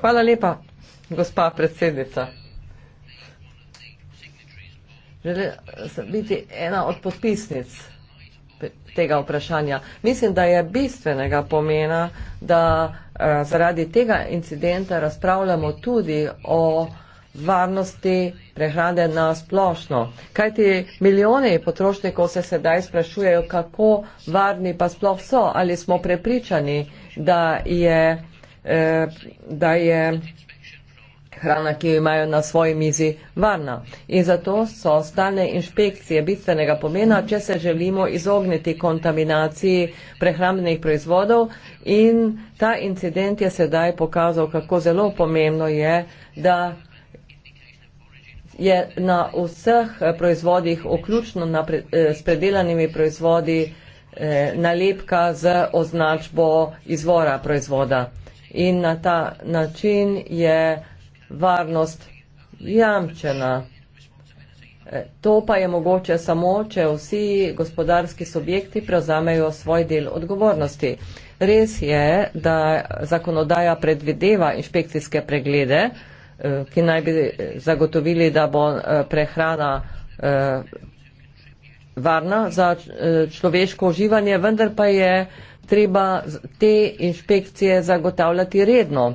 Hvala lepa, gospa predsednica. Želela sem biti ena od podpisnic tega vprašanja. Mislim, da je bistvenega pomena, da eh, zaradi tega incidenta razpravljamo tudi o varnosti prehrane na splošno. Kajti milijoni potrošnikov se sedaj sprašujejo, kako varni pa sploh so, ali smo prepričani, da je, eh, da je hrana, ki jo imajo na svoji mizi, varna. In zato so stalne inšpekcije bistvenega pomena, če se želimo izogniti kontaminaciji prehrambnih proizvodov. In ta incident je sedaj pokazal, kako zelo pomembno je, da je na vseh eh, proizvodih, vključno na, eh, s predelanimi proizvodi, eh, nalepka z označbo izvora proizvoda. In na ta način je varnost jamčena. To pa je mogoče samo, če vsi gospodarski subjekti prevzamejo svoj del odgovornosti. Res je, da zakonodaja predvideva inšpekcijske preglede, Eh, ki naj bi eh, zagotovili, da bo eh, prehrana varna za človeško uživanje, vendar pa je treba te inšpekcije zagotavljati redno.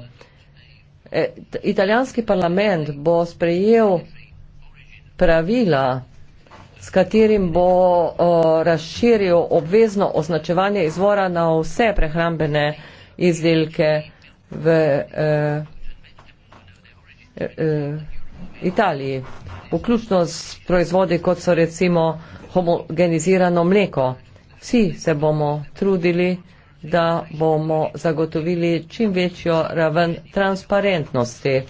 E, italijanski parlament bo sprejel pravila, s katerim bo razširil obvezno označevanje izvora na vse prehrambene izdelke v eh, Eh, eh, Italiji, vključno s proizvodi, kot so recimo homogenizirano mleko. Vsi se bomo trudili, da bomo zagotovili čim večjo raven transparentnosti.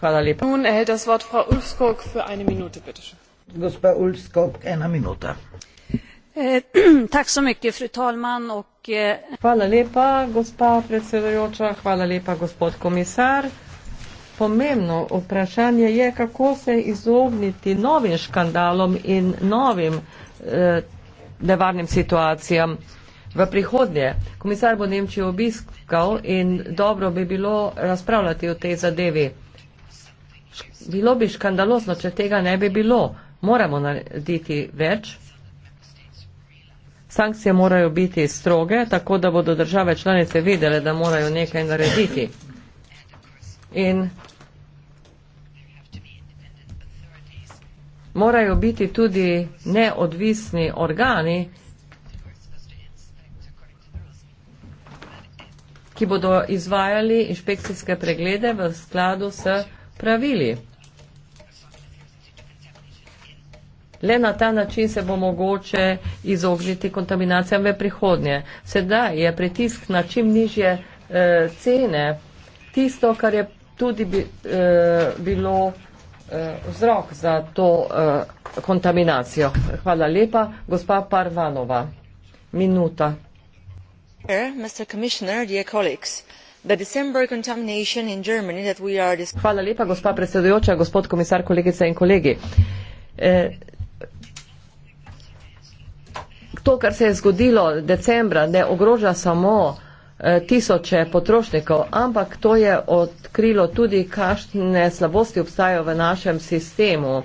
Hvala lepa. Nun erhält das Wort Frau Ulfskog für eine Minute, bitte schön. Gospa Ulfskog, ena minuta. Eh, tak so mykje, fru talman. Eh, hvala lepa, gospa predsedujoča, hvala lepa, gospod komisar pomembno vprašanje je, kako se izogniti novim škandalom in novim eh, nevarnim situacijam v prihodnje. Komisar bo Nemčijo obiskal in dobro bi bilo razpravljati o tej zadevi. Bilo bi škandalozno, če tega ne bi bilo. Moramo narediti več. Sankcije morajo biti stroge, tako da bodo države članice videle, da morajo nekaj narediti. In morajo biti tudi neodvisni organi, ki bodo izvajali inšpekcijske preglede v skladu s pravili. Le na ta način se bo mogoče izogniti kontaminacijam v prihodnje. Sedaj je pritisk na čim nižje eh, cene tisto, kar je tudi bi, eh, bilo eh, vzrok za to eh, kontaminacijo. Hvala lepa. Gospa Parvanova, minuta. Eh, Hvala lepa, gospa predsedujoča, gospod komisar, kolegice in kolegi. Eh, to, kar se je zgodilo decembra, ne ogroža samo eh, Eh, tisoče potrošnikov, ampak to je odkrilo tudi, kakšne slabosti obstajajo v našem sistemu.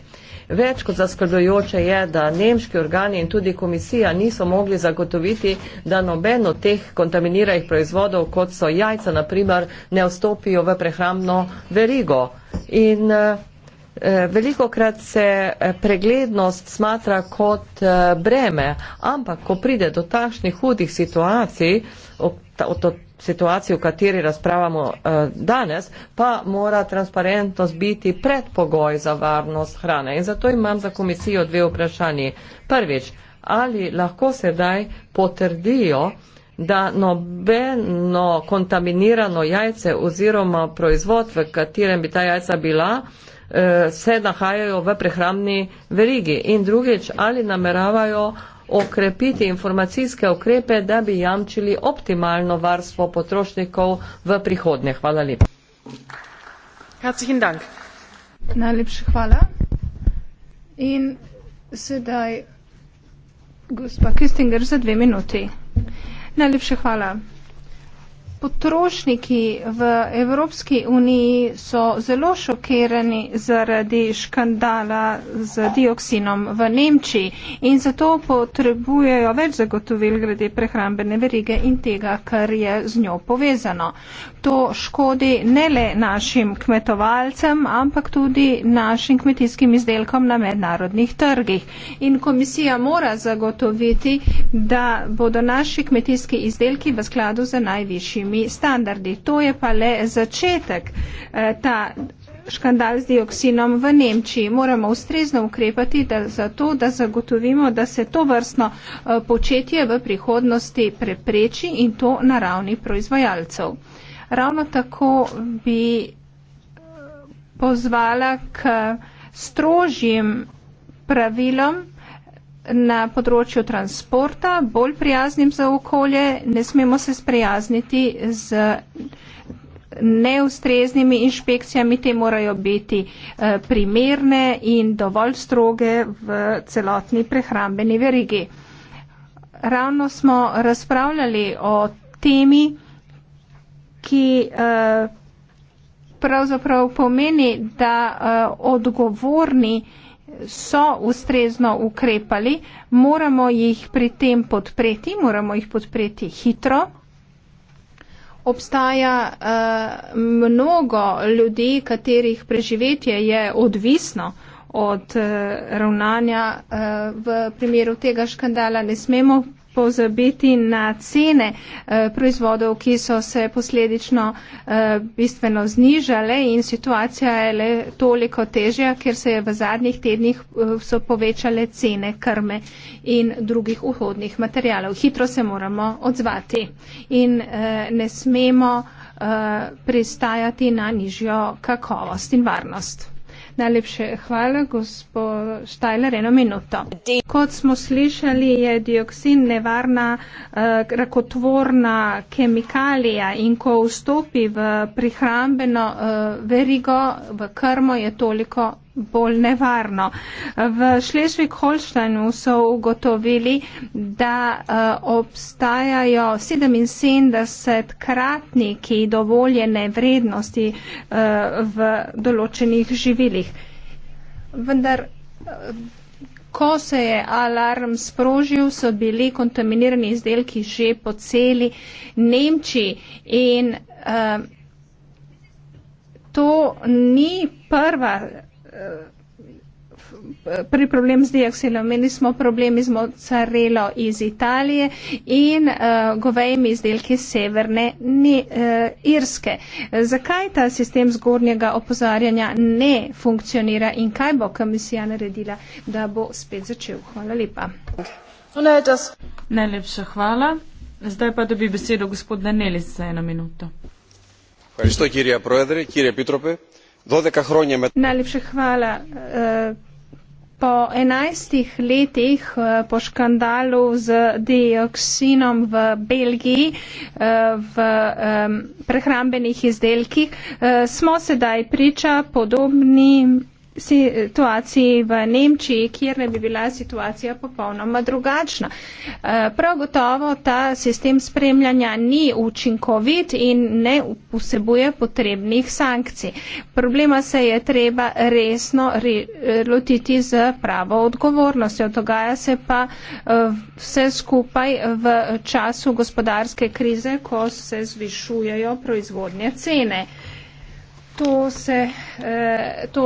Več kot zaskrbljujoče je, da nemški organi in tudi komisija niso mogli zagotoviti, da nobeno teh kontaminiranih proizvodov, kot so jajca, naprimer, ne vstopijo v prehrambno verigo. In, uh, Eh, veliko krat se eh, preglednost smatra kot eh, breme, ampak ko pride do takšnih hudih situacij, o to situaciji, v kateri razpravamo danes, pa mora transparentnost biti predpogoj za varnost hrane. In zato imam za komisijo dve vprašanje. Prvič, ali lahko sedaj potrdijo, da nobeno kontaminirano jajce oziroma proizvod, v katerem bi ta jajca bila, Eh, se nahajajo v prehramni verigi. In drugič, ali nameravajo okrepiti informacijske ukrepe, da bi jamčili optimalno varstvo potrošnikov v prihodnje. Hvala lepa. Herzlichen Dank. Najlepša hvala. In sedaj gospa Kistinger za dve minuti. Najlepša hvala. Potrošniki v Evropski uniji so zelo šokirani zaradi škandala z dioksinom v Nemčiji in zato potrebujejo več zagotovil glede prehrambene verige in tega, kar je z njo povezano. To škodi ne le našim kmetovalcem, ampak tudi našim kmetijskim izdelkom na mednarodnih trgih. In komisija mora zagotoviti, da bodo naši kmetijski izdelki v skladu z najvišjimi novimi standardi. To je pa le začetek. Eh, ta škandal z dioksinom v Nemčiji. Moramo ustrezno ukrepati da, za to, da zagotovimo, da se to vrstno eh, početje v prihodnosti prepreči in to na ravni proizvajalcev. Ravno tako bi eh, pozvala k strožjim pravilom na področju transporta bolj prijaznim za okolje, ne smemo se sprijazniti z neustreznimi inšpekcijami, te morajo biti eh, primerne in dovolj stroge v celotni prehrambeni verigi. Ravno smo razpravljali o temi, ki eh, pravzaprav pomeni, da eh, odgovorni so ustrezno ukrepali, moramo jih pri tem podpreti, moramo jih podpreti hitro. Obstaja uh, mnogo ljudi, katerih preživetje je odvisno od uh, ravnanja uh, v primeru tega škandala. Ne smemo pozabiti na cene e, proizvodov, ki so se posledično e, bistveno znižale in situacija je le toliko težja, ker se je v zadnjih tednih e, so povečale cene krme in drugih vhodnih materijalov. Hitro se moramo odzvati in e, ne smemo e, pristajati na nižjo kakovost in varnost. Najlepše hvala, gospod Štajler, eno minuto. Kot smo slišali, je dioksin nevarna eh, rakotvorna kemikalija in ko vstopi v prihrambeno eh, verigo, v krmo, je toliko bolj nevarno. V Šlešvik-Holštajnu so ugotovili, da eh, obstajajo 77 kratniki dovoljene vrednosti eh, v določenih živilih. Vendar, eh, ko se je alarm sprožil, so bili kontaminirani izdelki že po celi Nemčiji in uh, to ni prva Prvi problem z dioksinom, meni smo problemi z mocarelo iz Italije in uh, govejimi izdelki severne ni, uh, Irske. Zakaj ta sistem zgornjega opozarjanja ne funkcionira in kaj bo komisija naredila, da bo spet začel? Hvala lepa. Najlepša hvala. Zdaj pa dobi besedo gospod Danelis za eno minuto. Hvala, kirja Proedre, kirja Pitrope. Najlepša hvala. Eh, po enajstih letih eh, po škandalu z dioksinom v Belgiji eh, v prehrambenih izdelkih smo sedaj priča podobnim situaciji v Nemčiji, kjer ne bi bila situacija popolnoma drugačna. Eh, prav gotovo ta sistem spremljanja ni učinkovit in ne vsebuje potrebnih sankcij. Problema se je treba resno re, eh, lotiti z pravo odgovornostjo. Dogaja se pa eh, vse skupaj v času gospodarske krize, ko se zvišujejo proizvodnje cene. To se, to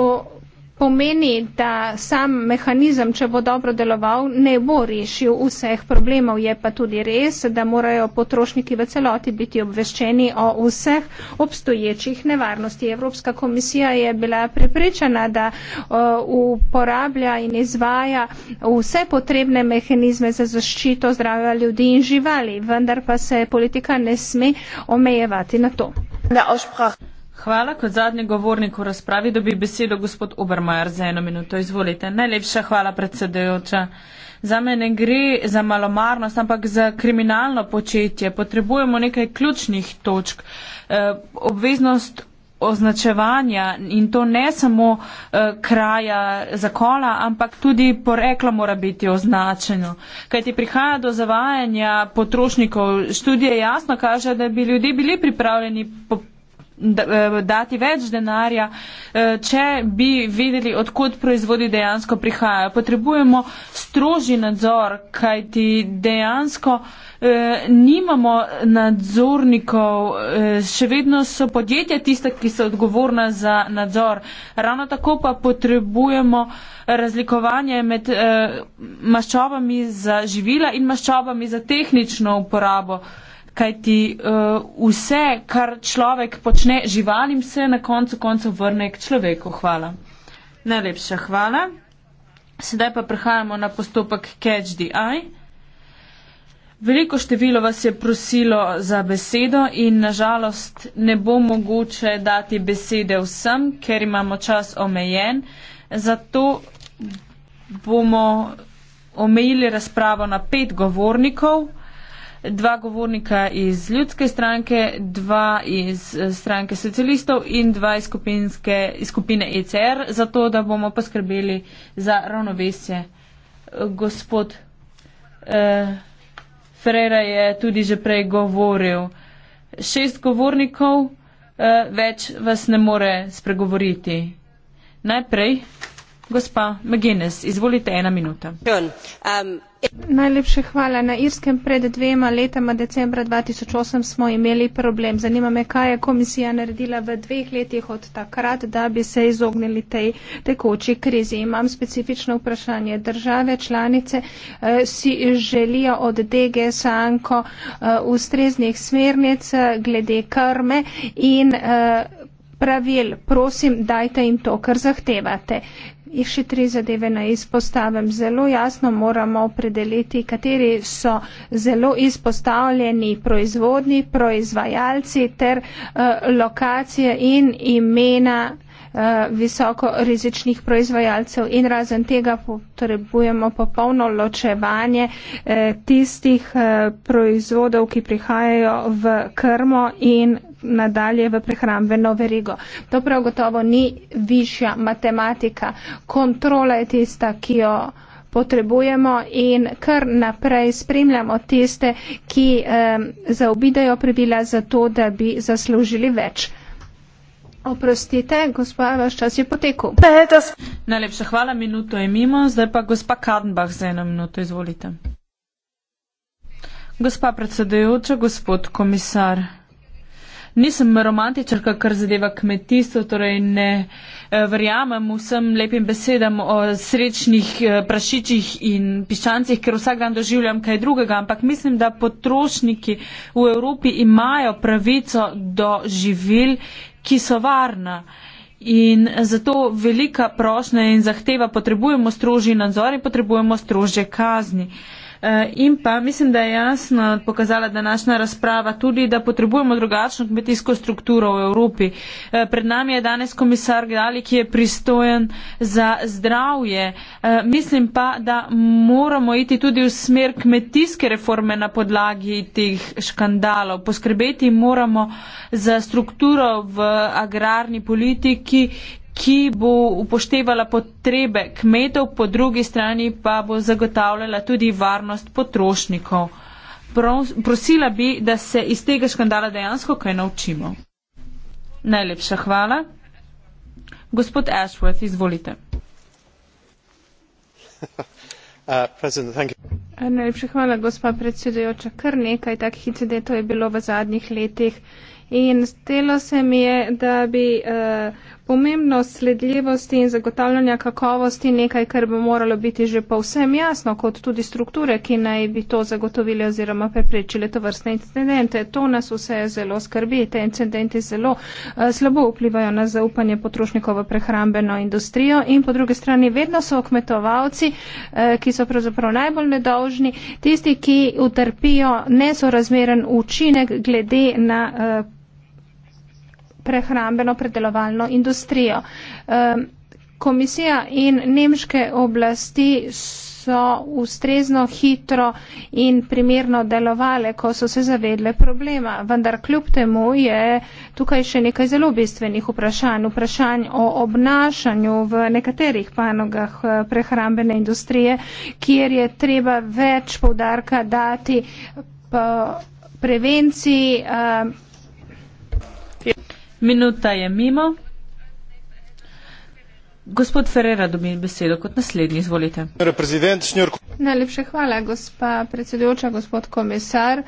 pomeni, da sam mehanizem, če bo dobro deloval, ne bo rešil vseh problemov. Je pa tudi res, da morajo potrošniki v celoti biti obveščeni o vseh obstoječih nevarnosti. Evropska komisija je bila prepričana, da uporablja in izvaja vse potrebne mehanizme za zaščito zdravja ljudi in živali, vendar pa se politika ne sme omejevati na to. Na Hvala. Kot zadnji govornik v razpravi dobi besedo gospod Obermajer za eno minuto. Izvolite. Najlepša hvala, predsedujoča. Za me ne gre za malomarnost, ampak za kriminalno početje. Potrebujemo nekaj ključnih točk. E, obveznost označevanja in to ne samo e, kraja zakola, ampak tudi poreklo mora biti označeno. Kaj ti prihaja do zavajanja potrošnikov? Študije jasno kaže, da bi ljudje bili pripravljeni. Po Eh, dati več denarja, eh, če bi videli, odkud proizvodi dejansko prihajajo. Potrebujemo stroži nadzor, kajti dejansko eh, nimamo nadzornikov, še vedno so podjetja tista, ki so odgovorna za nadzor. Ravno tako pa potrebujemo razlikovanje med maščobami za živila in maščobami za tehnično uporabo kajti uh, vse, kar človek počne živalim, se na koncu koncev vrne k človeku. Hvala. Najlepša hvala. Sedaj pa prehajamo na postopek Catch the Eye. Veliko število vas je prosilo za besedo in nažalost ne bo mogoče dati besede vsem, ker imamo čas omejen. Zato bomo omejili razpravo na pet govornikov dva govornika iz ljudske stranke, dva iz eh, stranke socialistov in dva iz, iz skupine ECR, zato da bomo poskrbeli za ravnovesje. Gospod eh, Ferreira je tudi že prej govoril. Šest govornikov eh, več vas ne more spregovoriti. Najprej. Um, najlepša hvala. na irskem pred dvema letoma decembra dva tisoč osem smo imeli problem zanima me kaj je komisija naredila v dveh letih od takrat da bi se izognili tej tekoči krizi imam specifično vprašanje države članice eh, si želijo od dg sanko eh, ustreznih smernic eh, glede krme in pravil prosim dajte jim to kar zahtevate Jaz še tri zadeve naj izpostavim. Zelo jasno moramo opredeliti, kateri so zelo izpostavljeni proizvodni, proizvajalci ter uh, lokacije in imena Eh, visoko rizičnih proizvajalcev in razen tega potrebujemo popolno ločevanje eh, tistih eh, proizvodov, ki prihajajo v krmo in nadalje v prehrambeno verigo. To prav gotovo ni višja matematika. Kontrola je tista, ki jo potrebujemo in kar naprej spremljamo tiste, ki eh, zaobidajo pravila za to, da bi zaslužili več. Oprostite, gospa, vaš čas je potekel. Petas. Najlepša hvala, minuto je mimo, zdaj pa gospa Kadenbach za eno minuto, izvolite. Gospa predsedujoča, gospod komisar. Nisem romantičarka, kar zadeva kmetijstvo, torej ne eh, verjamem vsem lepim besedam o srečnih eh, prašičih in piščancih, ker vsak dan doživljam kaj drugega, ampak mislim, da potrošniki v Evropi imajo pravico do živil ki so varna. In zato velika prošnja in zahteva potrebujemo strožji nadzor in potrebujemo strožje kazni. Uh, Eh, in pa mislim, da je jasno pokazala današnja razprava tudi, da potrebujemo drugačno kmetijsko strukturo v Evropi. Eh, pred nami je danes komisar Gdali, ki je pristojen za zdravje. Eh, mislim pa, da moramo iti tudi v smer kmetijske reforme na podlagi teh škandalov. Poskrbeti moramo za strukturo v agrarni politiki, ki bo upoštevala potrebe kmetov, po drugi strani pa bo zagotavljala tudi varnost potrošnikov. Prosila bi, da se iz tega škandala dejansko kaj naučimo. Najlepša hvala. Gospod Ashworth, izvolite. Uh, Najlepša hvala, gospa predsedujoča. Kar nekaj takih incidentov je bilo v zadnjih letih. In stelo se mi je, da bi uh, pomembno sledljivosti in zagotavljanja kakovosti nekaj, kar bi moralo biti že povsem jasno, kot tudi strukture, ki naj bi to zagotovile oziroma preprečile to vrstne incidente. To nas vse zelo skrbi. Te incidenti zelo eh, slabo vplivajo na zaupanje potrošnikov v prehrambeno industrijo in po drugi strani vedno so kmetovalci, eh, ki so pravzaprav najbolj nedolžni, tisti, ki utrpijo nesorazmeren učinek glede na eh, prehrambeno predelovalno industrijo. Komisija in nemške oblasti so ustrezno hitro in primerno delovale, ko so se zavedle problema. Vendar kljub temu je tukaj še nekaj zelo bistvenih vprašanj. Vprašanj o obnašanju v nekaterih panogah eh, prehrambene industrije, kjer je treba več povdarka dati eh, prevenciji. Uh, Minuta je mimo. Gospod Ferreira dobi besedo kot naslednji. Izvolite. Najlepše hvala, gospa predsedujoča, gospod komisar.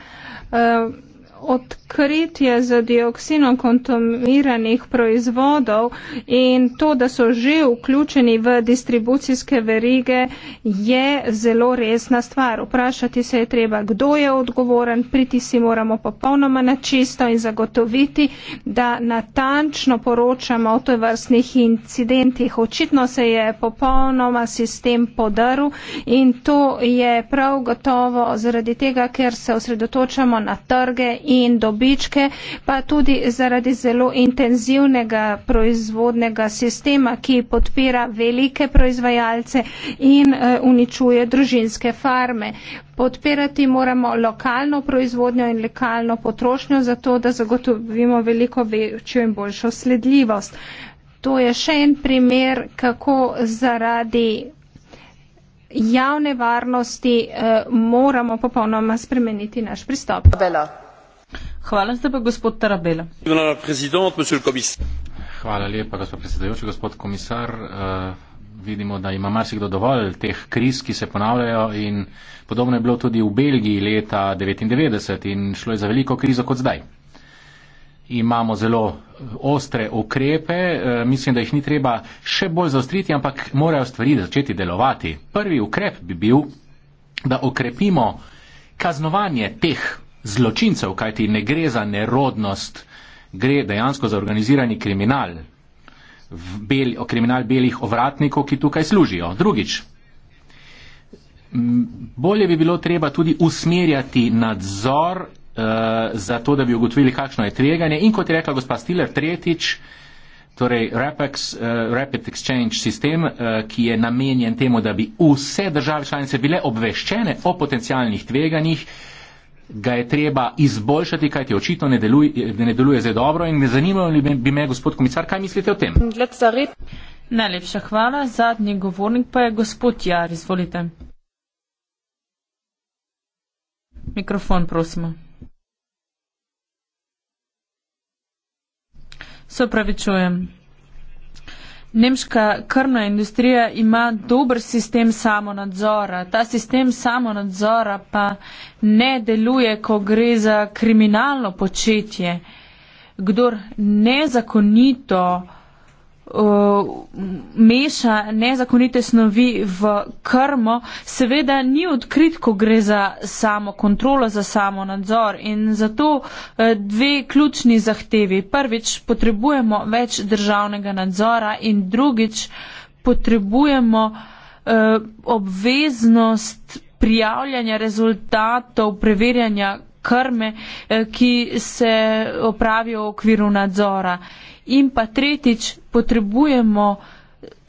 Uh, odkritje z dioksinom kontaminiranih proizvodov in to, da so že vključeni v distribucijske verige, je zelo resna stvar. Vprašati se je treba, kdo je odgovoren, priti si moramo popolnoma na čisto in zagotoviti, da natančno poročamo o toj vrstnih incidentih. Očitno se je popolnoma sistem podaril in to je prav gotovo zaradi tega, ker se osredotočamo na trge in dobičke, pa tudi zaradi zelo intenzivnega proizvodnega sistema, ki podpira velike proizvajalce in uh, uničuje družinske farme. Podpirati moramo lokalno proizvodnjo in lokalno potrošnjo, zato da zagotovimo veliko večjo in boljšo sledljivost. To je še en primer, kako zaradi javne varnosti eh, moramo popolnoma spremeniti naš pristop. Bela. Hvala zdaj pa gospod Tarabela. Hvala lepa, gospod predsedajoči, gospod komisar. Uh, vidimo, da ima marsikdo dovolj teh kriz, ki se ponavljajo in podobno je bilo tudi v Belgiji leta 1999 in šlo je za veliko krizo kot zdaj. Imamo zelo eh, ostre ukrepe, eh, mislim, da jih ni treba še bolj zaostriti, ampak morajo stvari začeti delovati. Prvi ukrep bi bil, da okrepimo kaznovanje teh zločincev, kajti ne gre za nerodnost, gre dejansko za organizirani kriminal, bel, kriminal belih ovratnikov, ki tukaj služijo. Drugič, bolje bi bilo treba tudi usmerjati nadzor, uh, eh, zato da bi ugotovili, kakšno je tveganje. In kot je rekla gospa Stiller, tretjič, torej Rapex, uh, Rapid Exchange sistem, uh, eh, ki je namenjen temu, da bi vse države članice bile obveščene o potencialnih tveganjih, uh, ga je treba izboljšati, kaj ti očitno ne deluje, ne deluje zdaj dobro in me zanimalo bi, bi me, gospod komisar, kaj mislite o tem? Najlepša hvala, zadnji govornik pa je gospod Jar, izvolite. Mikrofon, prosimo. Se opravičujem. Nemška krvna industrija ima dober sistem samonadzora. Ta sistem samonadzora pa ne deluje, ko gre za kriminalno početje. Kdor nezakonito uh, meša nezakonite snovi v krmo, seveda ni odkrit, ko gre za samo kontrolo, za samo nadzor. In zato uh, dve ključni zahtevi. Prvič, potrebujemo več državnega nadzora in drugič, potrebujemo uh, obveznost prijavljanja rezultatov, preverjanja krme, eh, ki se opravijo v okviru nadzora. Uh, in pa tretjič potrebujemo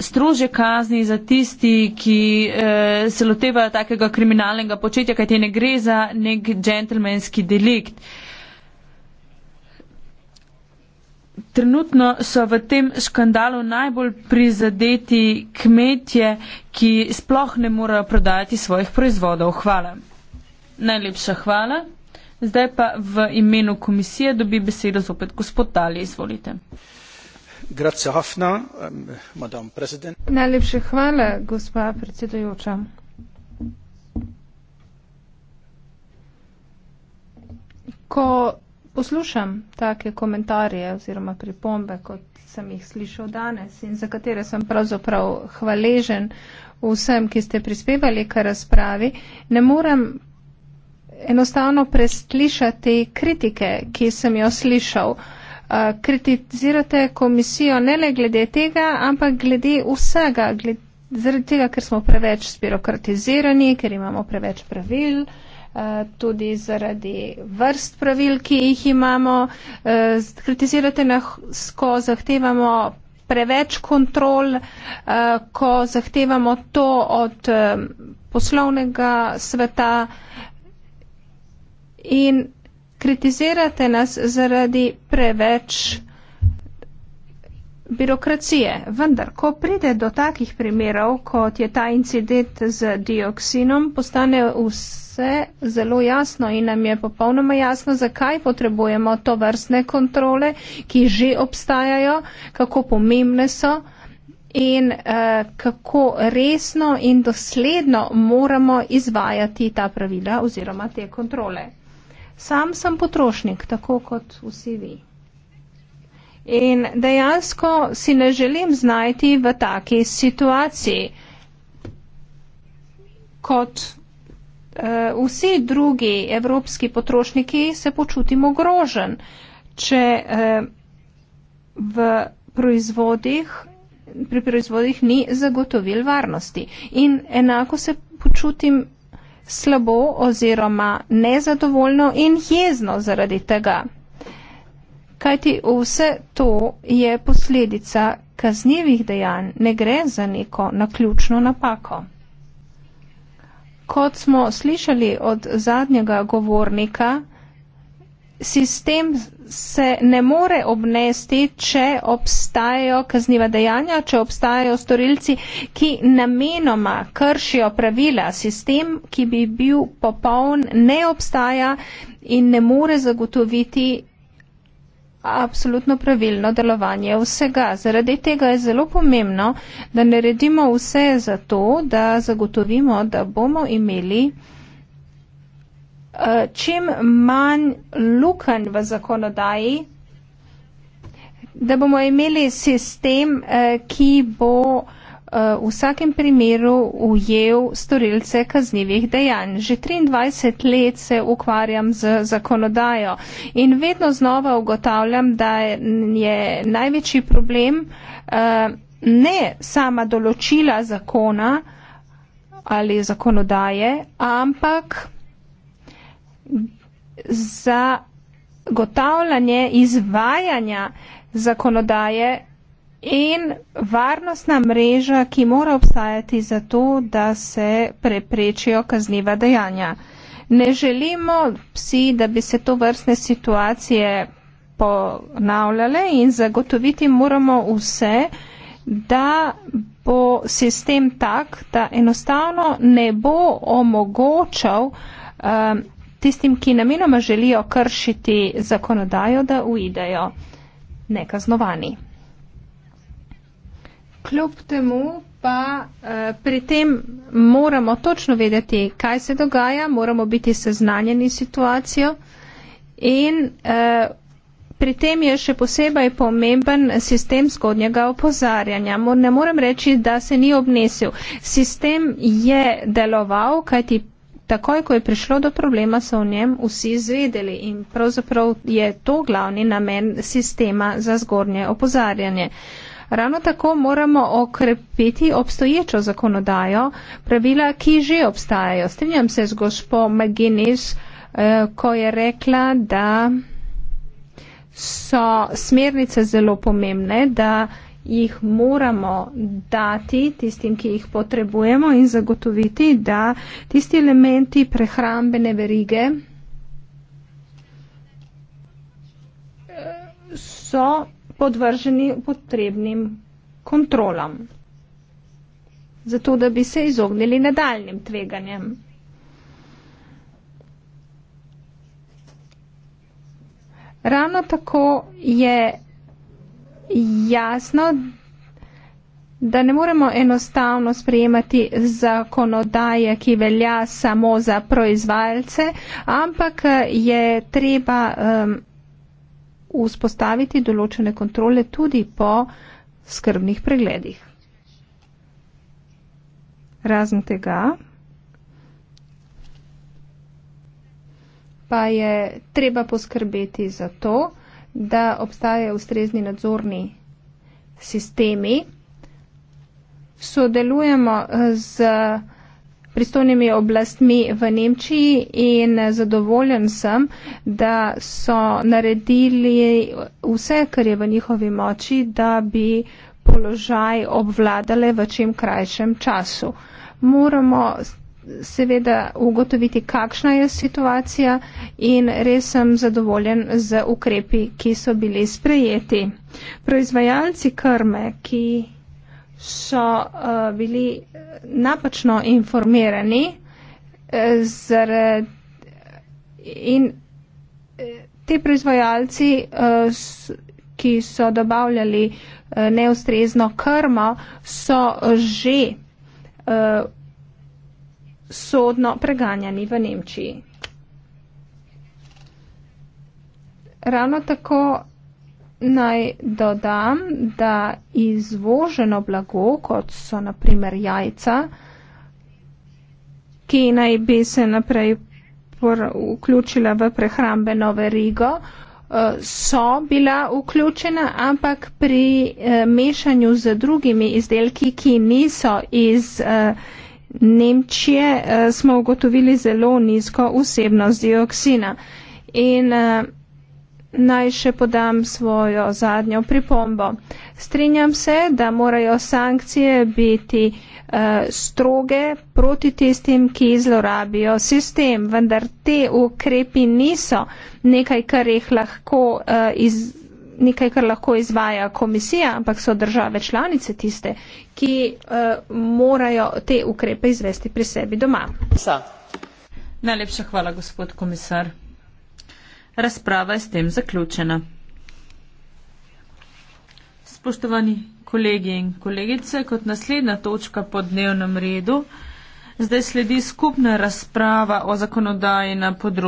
strože kazni za tisti, ki eh, se lotevajo takega kriminalnega početja, kajti ne gre za nek džentlmenski delikt. Trenutno so v tem škandalu najbolj prizadeti kmetje, ki sploh ne morejo prodajati svojih proizvodov. Hvala. Najlepša hvala. Zdaj pa v imenu komisije dobi besedo zopet gospod Dali, izvolite. Hafna, um, Najlepše hvala, gospa predsedujoča. Ko poslušam take komentarje oziroma pripombe, kot sem jih slišal danes in za katere sem pravzaprav hvaležen vsem, ki ste prispevali k razpravi, ne morem enostavno preslišati kritike, ki sem jo slišal. Eh, kritizirate komisijo ne le glede tega, ampak glede vsega, glede, zaradi tega, ker smo preveč spirokratizirani, ker imamo preveč pravil, eh, tudi zaradi vrst pravil, ki jih imamo. Eh, kritizirate nas, ko zahtevamo preveč kontrol, ko zahtevamo to od poslovnega sveta, in kritizirate nas zaradi preveč birokracije. Vendar, ko pride do takih primerov, kot je ta incident z dioksinom, postane vse zelo jasno in nam je popolnoma jasno, zakaj potrebujemo to vrstne kontrole, ki že obstajajo, kako pomembne so in eh, kako resno in dosledno moramo izvajati ta pravila oziroma te kontrole. Sam sem potrošnik, tako kot vsi vi. In dejansko si ne želim znajti v taki situaciji kot uh, vsi drugi evropski potrošniki se počutim ogrožen, če uh, v proizvodih, pri proizvodih ni zagotovil varnosti. In enako se počutim slabo oziroma nezadovoljno in jezno zaradi tega. Kajti vse to je posledica kaznjivih dejanj, ne gre za neko naključno napako. Kot smo slišali od zadnjega govornika, sistem se ne more obnesti, če obstajajo kazniva dejanja, če obstajajo storilci, ki namenoma kršijo pravila. Sistem, ki bi bil popoln, ne obstaja in ne more zagotoviti absolutno pravilno delovanje vsega. Zaradi tega je zelo pomembno, da naredimo vse za to, da zagotovimo, da bomo imeli. Eh, čim manj lukenj v zakonodaji, da bomo imeli sistem, eh, ki bo eh, v vsakem primeru ujel storilce kaznjivih dejanj. Že 23 let se ukvarjam z zakonodajo in vedno znova ugotavljam, da je največji problem ne sama določila zakona ali zakonodaje, ampak za gotavljanje izvajanja zakonodaje in varnostna mreža, ki mora obstajati za to, da se preprečijo kazniva dejanja. Ne želimo vsi, da bi se to vrstne situacije ponavljale in zagotoviti moramo vse, da bo sistem tak, da enostavno ne bo omogočal um, tistim, ki namenoma želijo kršiti zakonodajo, da uidejo nekaznovani. Kljub temu pa eh, pri tem moramo točno vedeti, kaj se dogaja, moramo biti seznanjeni s situacijo in eh, pri tem je še posebej pomemben sistem zgodnjega opozarjanja. Ne morem reči, da se ni obnesel. Sistem je deloval, kajti Takoj, ko je prišlo do problema, so o njem vsi zvedeli in pravzaprav je to glavni namen sistema za zgornje opozarjanje. Ravno tako moramo okrepiti obstoječo zakonodajo, pravila, ki že obstajajo. Strinjam se z gospo McGuinness, eh, ko je rekla, da so smernice zelo pomembne, da jih moramo dati tistim, ki jih potrebujemo in zagotoviti, da tisti elementi prehrambene verige eh, so podvrženi potrebnim kontrolam, zato da bi se izognili nadaljnim tveganjem. Ravno tako je jasno, da ne moremo enostavno sprejemati zakonodaje, ki velja samo za proizvajalce, ampak je treba um, vzpostaviti določene kontrole tudi po skrbnih pregledih. Razen tega pa je treba poskrbeti za to, da obstajajo ustrezni nadzorni sistemi. Sodelujemo eh, z pristojnimi oblastmi v Nemčiji in eh, zadovoljen sem, da so naredili vse, kar je v njihovi moči, da bi položaj obvladale v čim krajšem času. Moramo seveda ugotoviti, kakšna je situacija in res sem zadovoljen z ukrepi, ki so bili sprejeti. Proizvajalci krme, ki so uh, bili napačno informirani uh, zaradi In eh, ti proizvajalci, ki so dobavljali neustrezno krmo, so že sodno preganjani v Nemčiji. Ravno tako naj dodam, da izvoženo blago, kot so naprimer jajca, ki naj bi se naprej vključila v prehrambeno verigo, eh, so bila vključena, ampak pri eh, mešanju z drugimi izdelki, ki niso iz eh, Nemčije uh, smo ugotovili zelo nizko vsebnost dioksina. In uh, naj še podam svojo zadnjo pripombo. Strinjam se, da morajo sankcije biti uh, stroge proti tistim, ki zlorabijo sistem, vendar te ukrepi niso nekaj, kar jih lahko uh, izvedemo nekaj, kar lahko izvaja komisija, ampak so države članice tiste, ki uh, morajo te ukrepe izvesti pri sebi doma. Sa. Najlepša hvala, gospod komisar. Razprava je s tem zaključena. Spoštovani kolegi in kolegice, kot naslednja točka po dnevnem redu, zdaj sledi skupna razprava o zakonodaji na področju.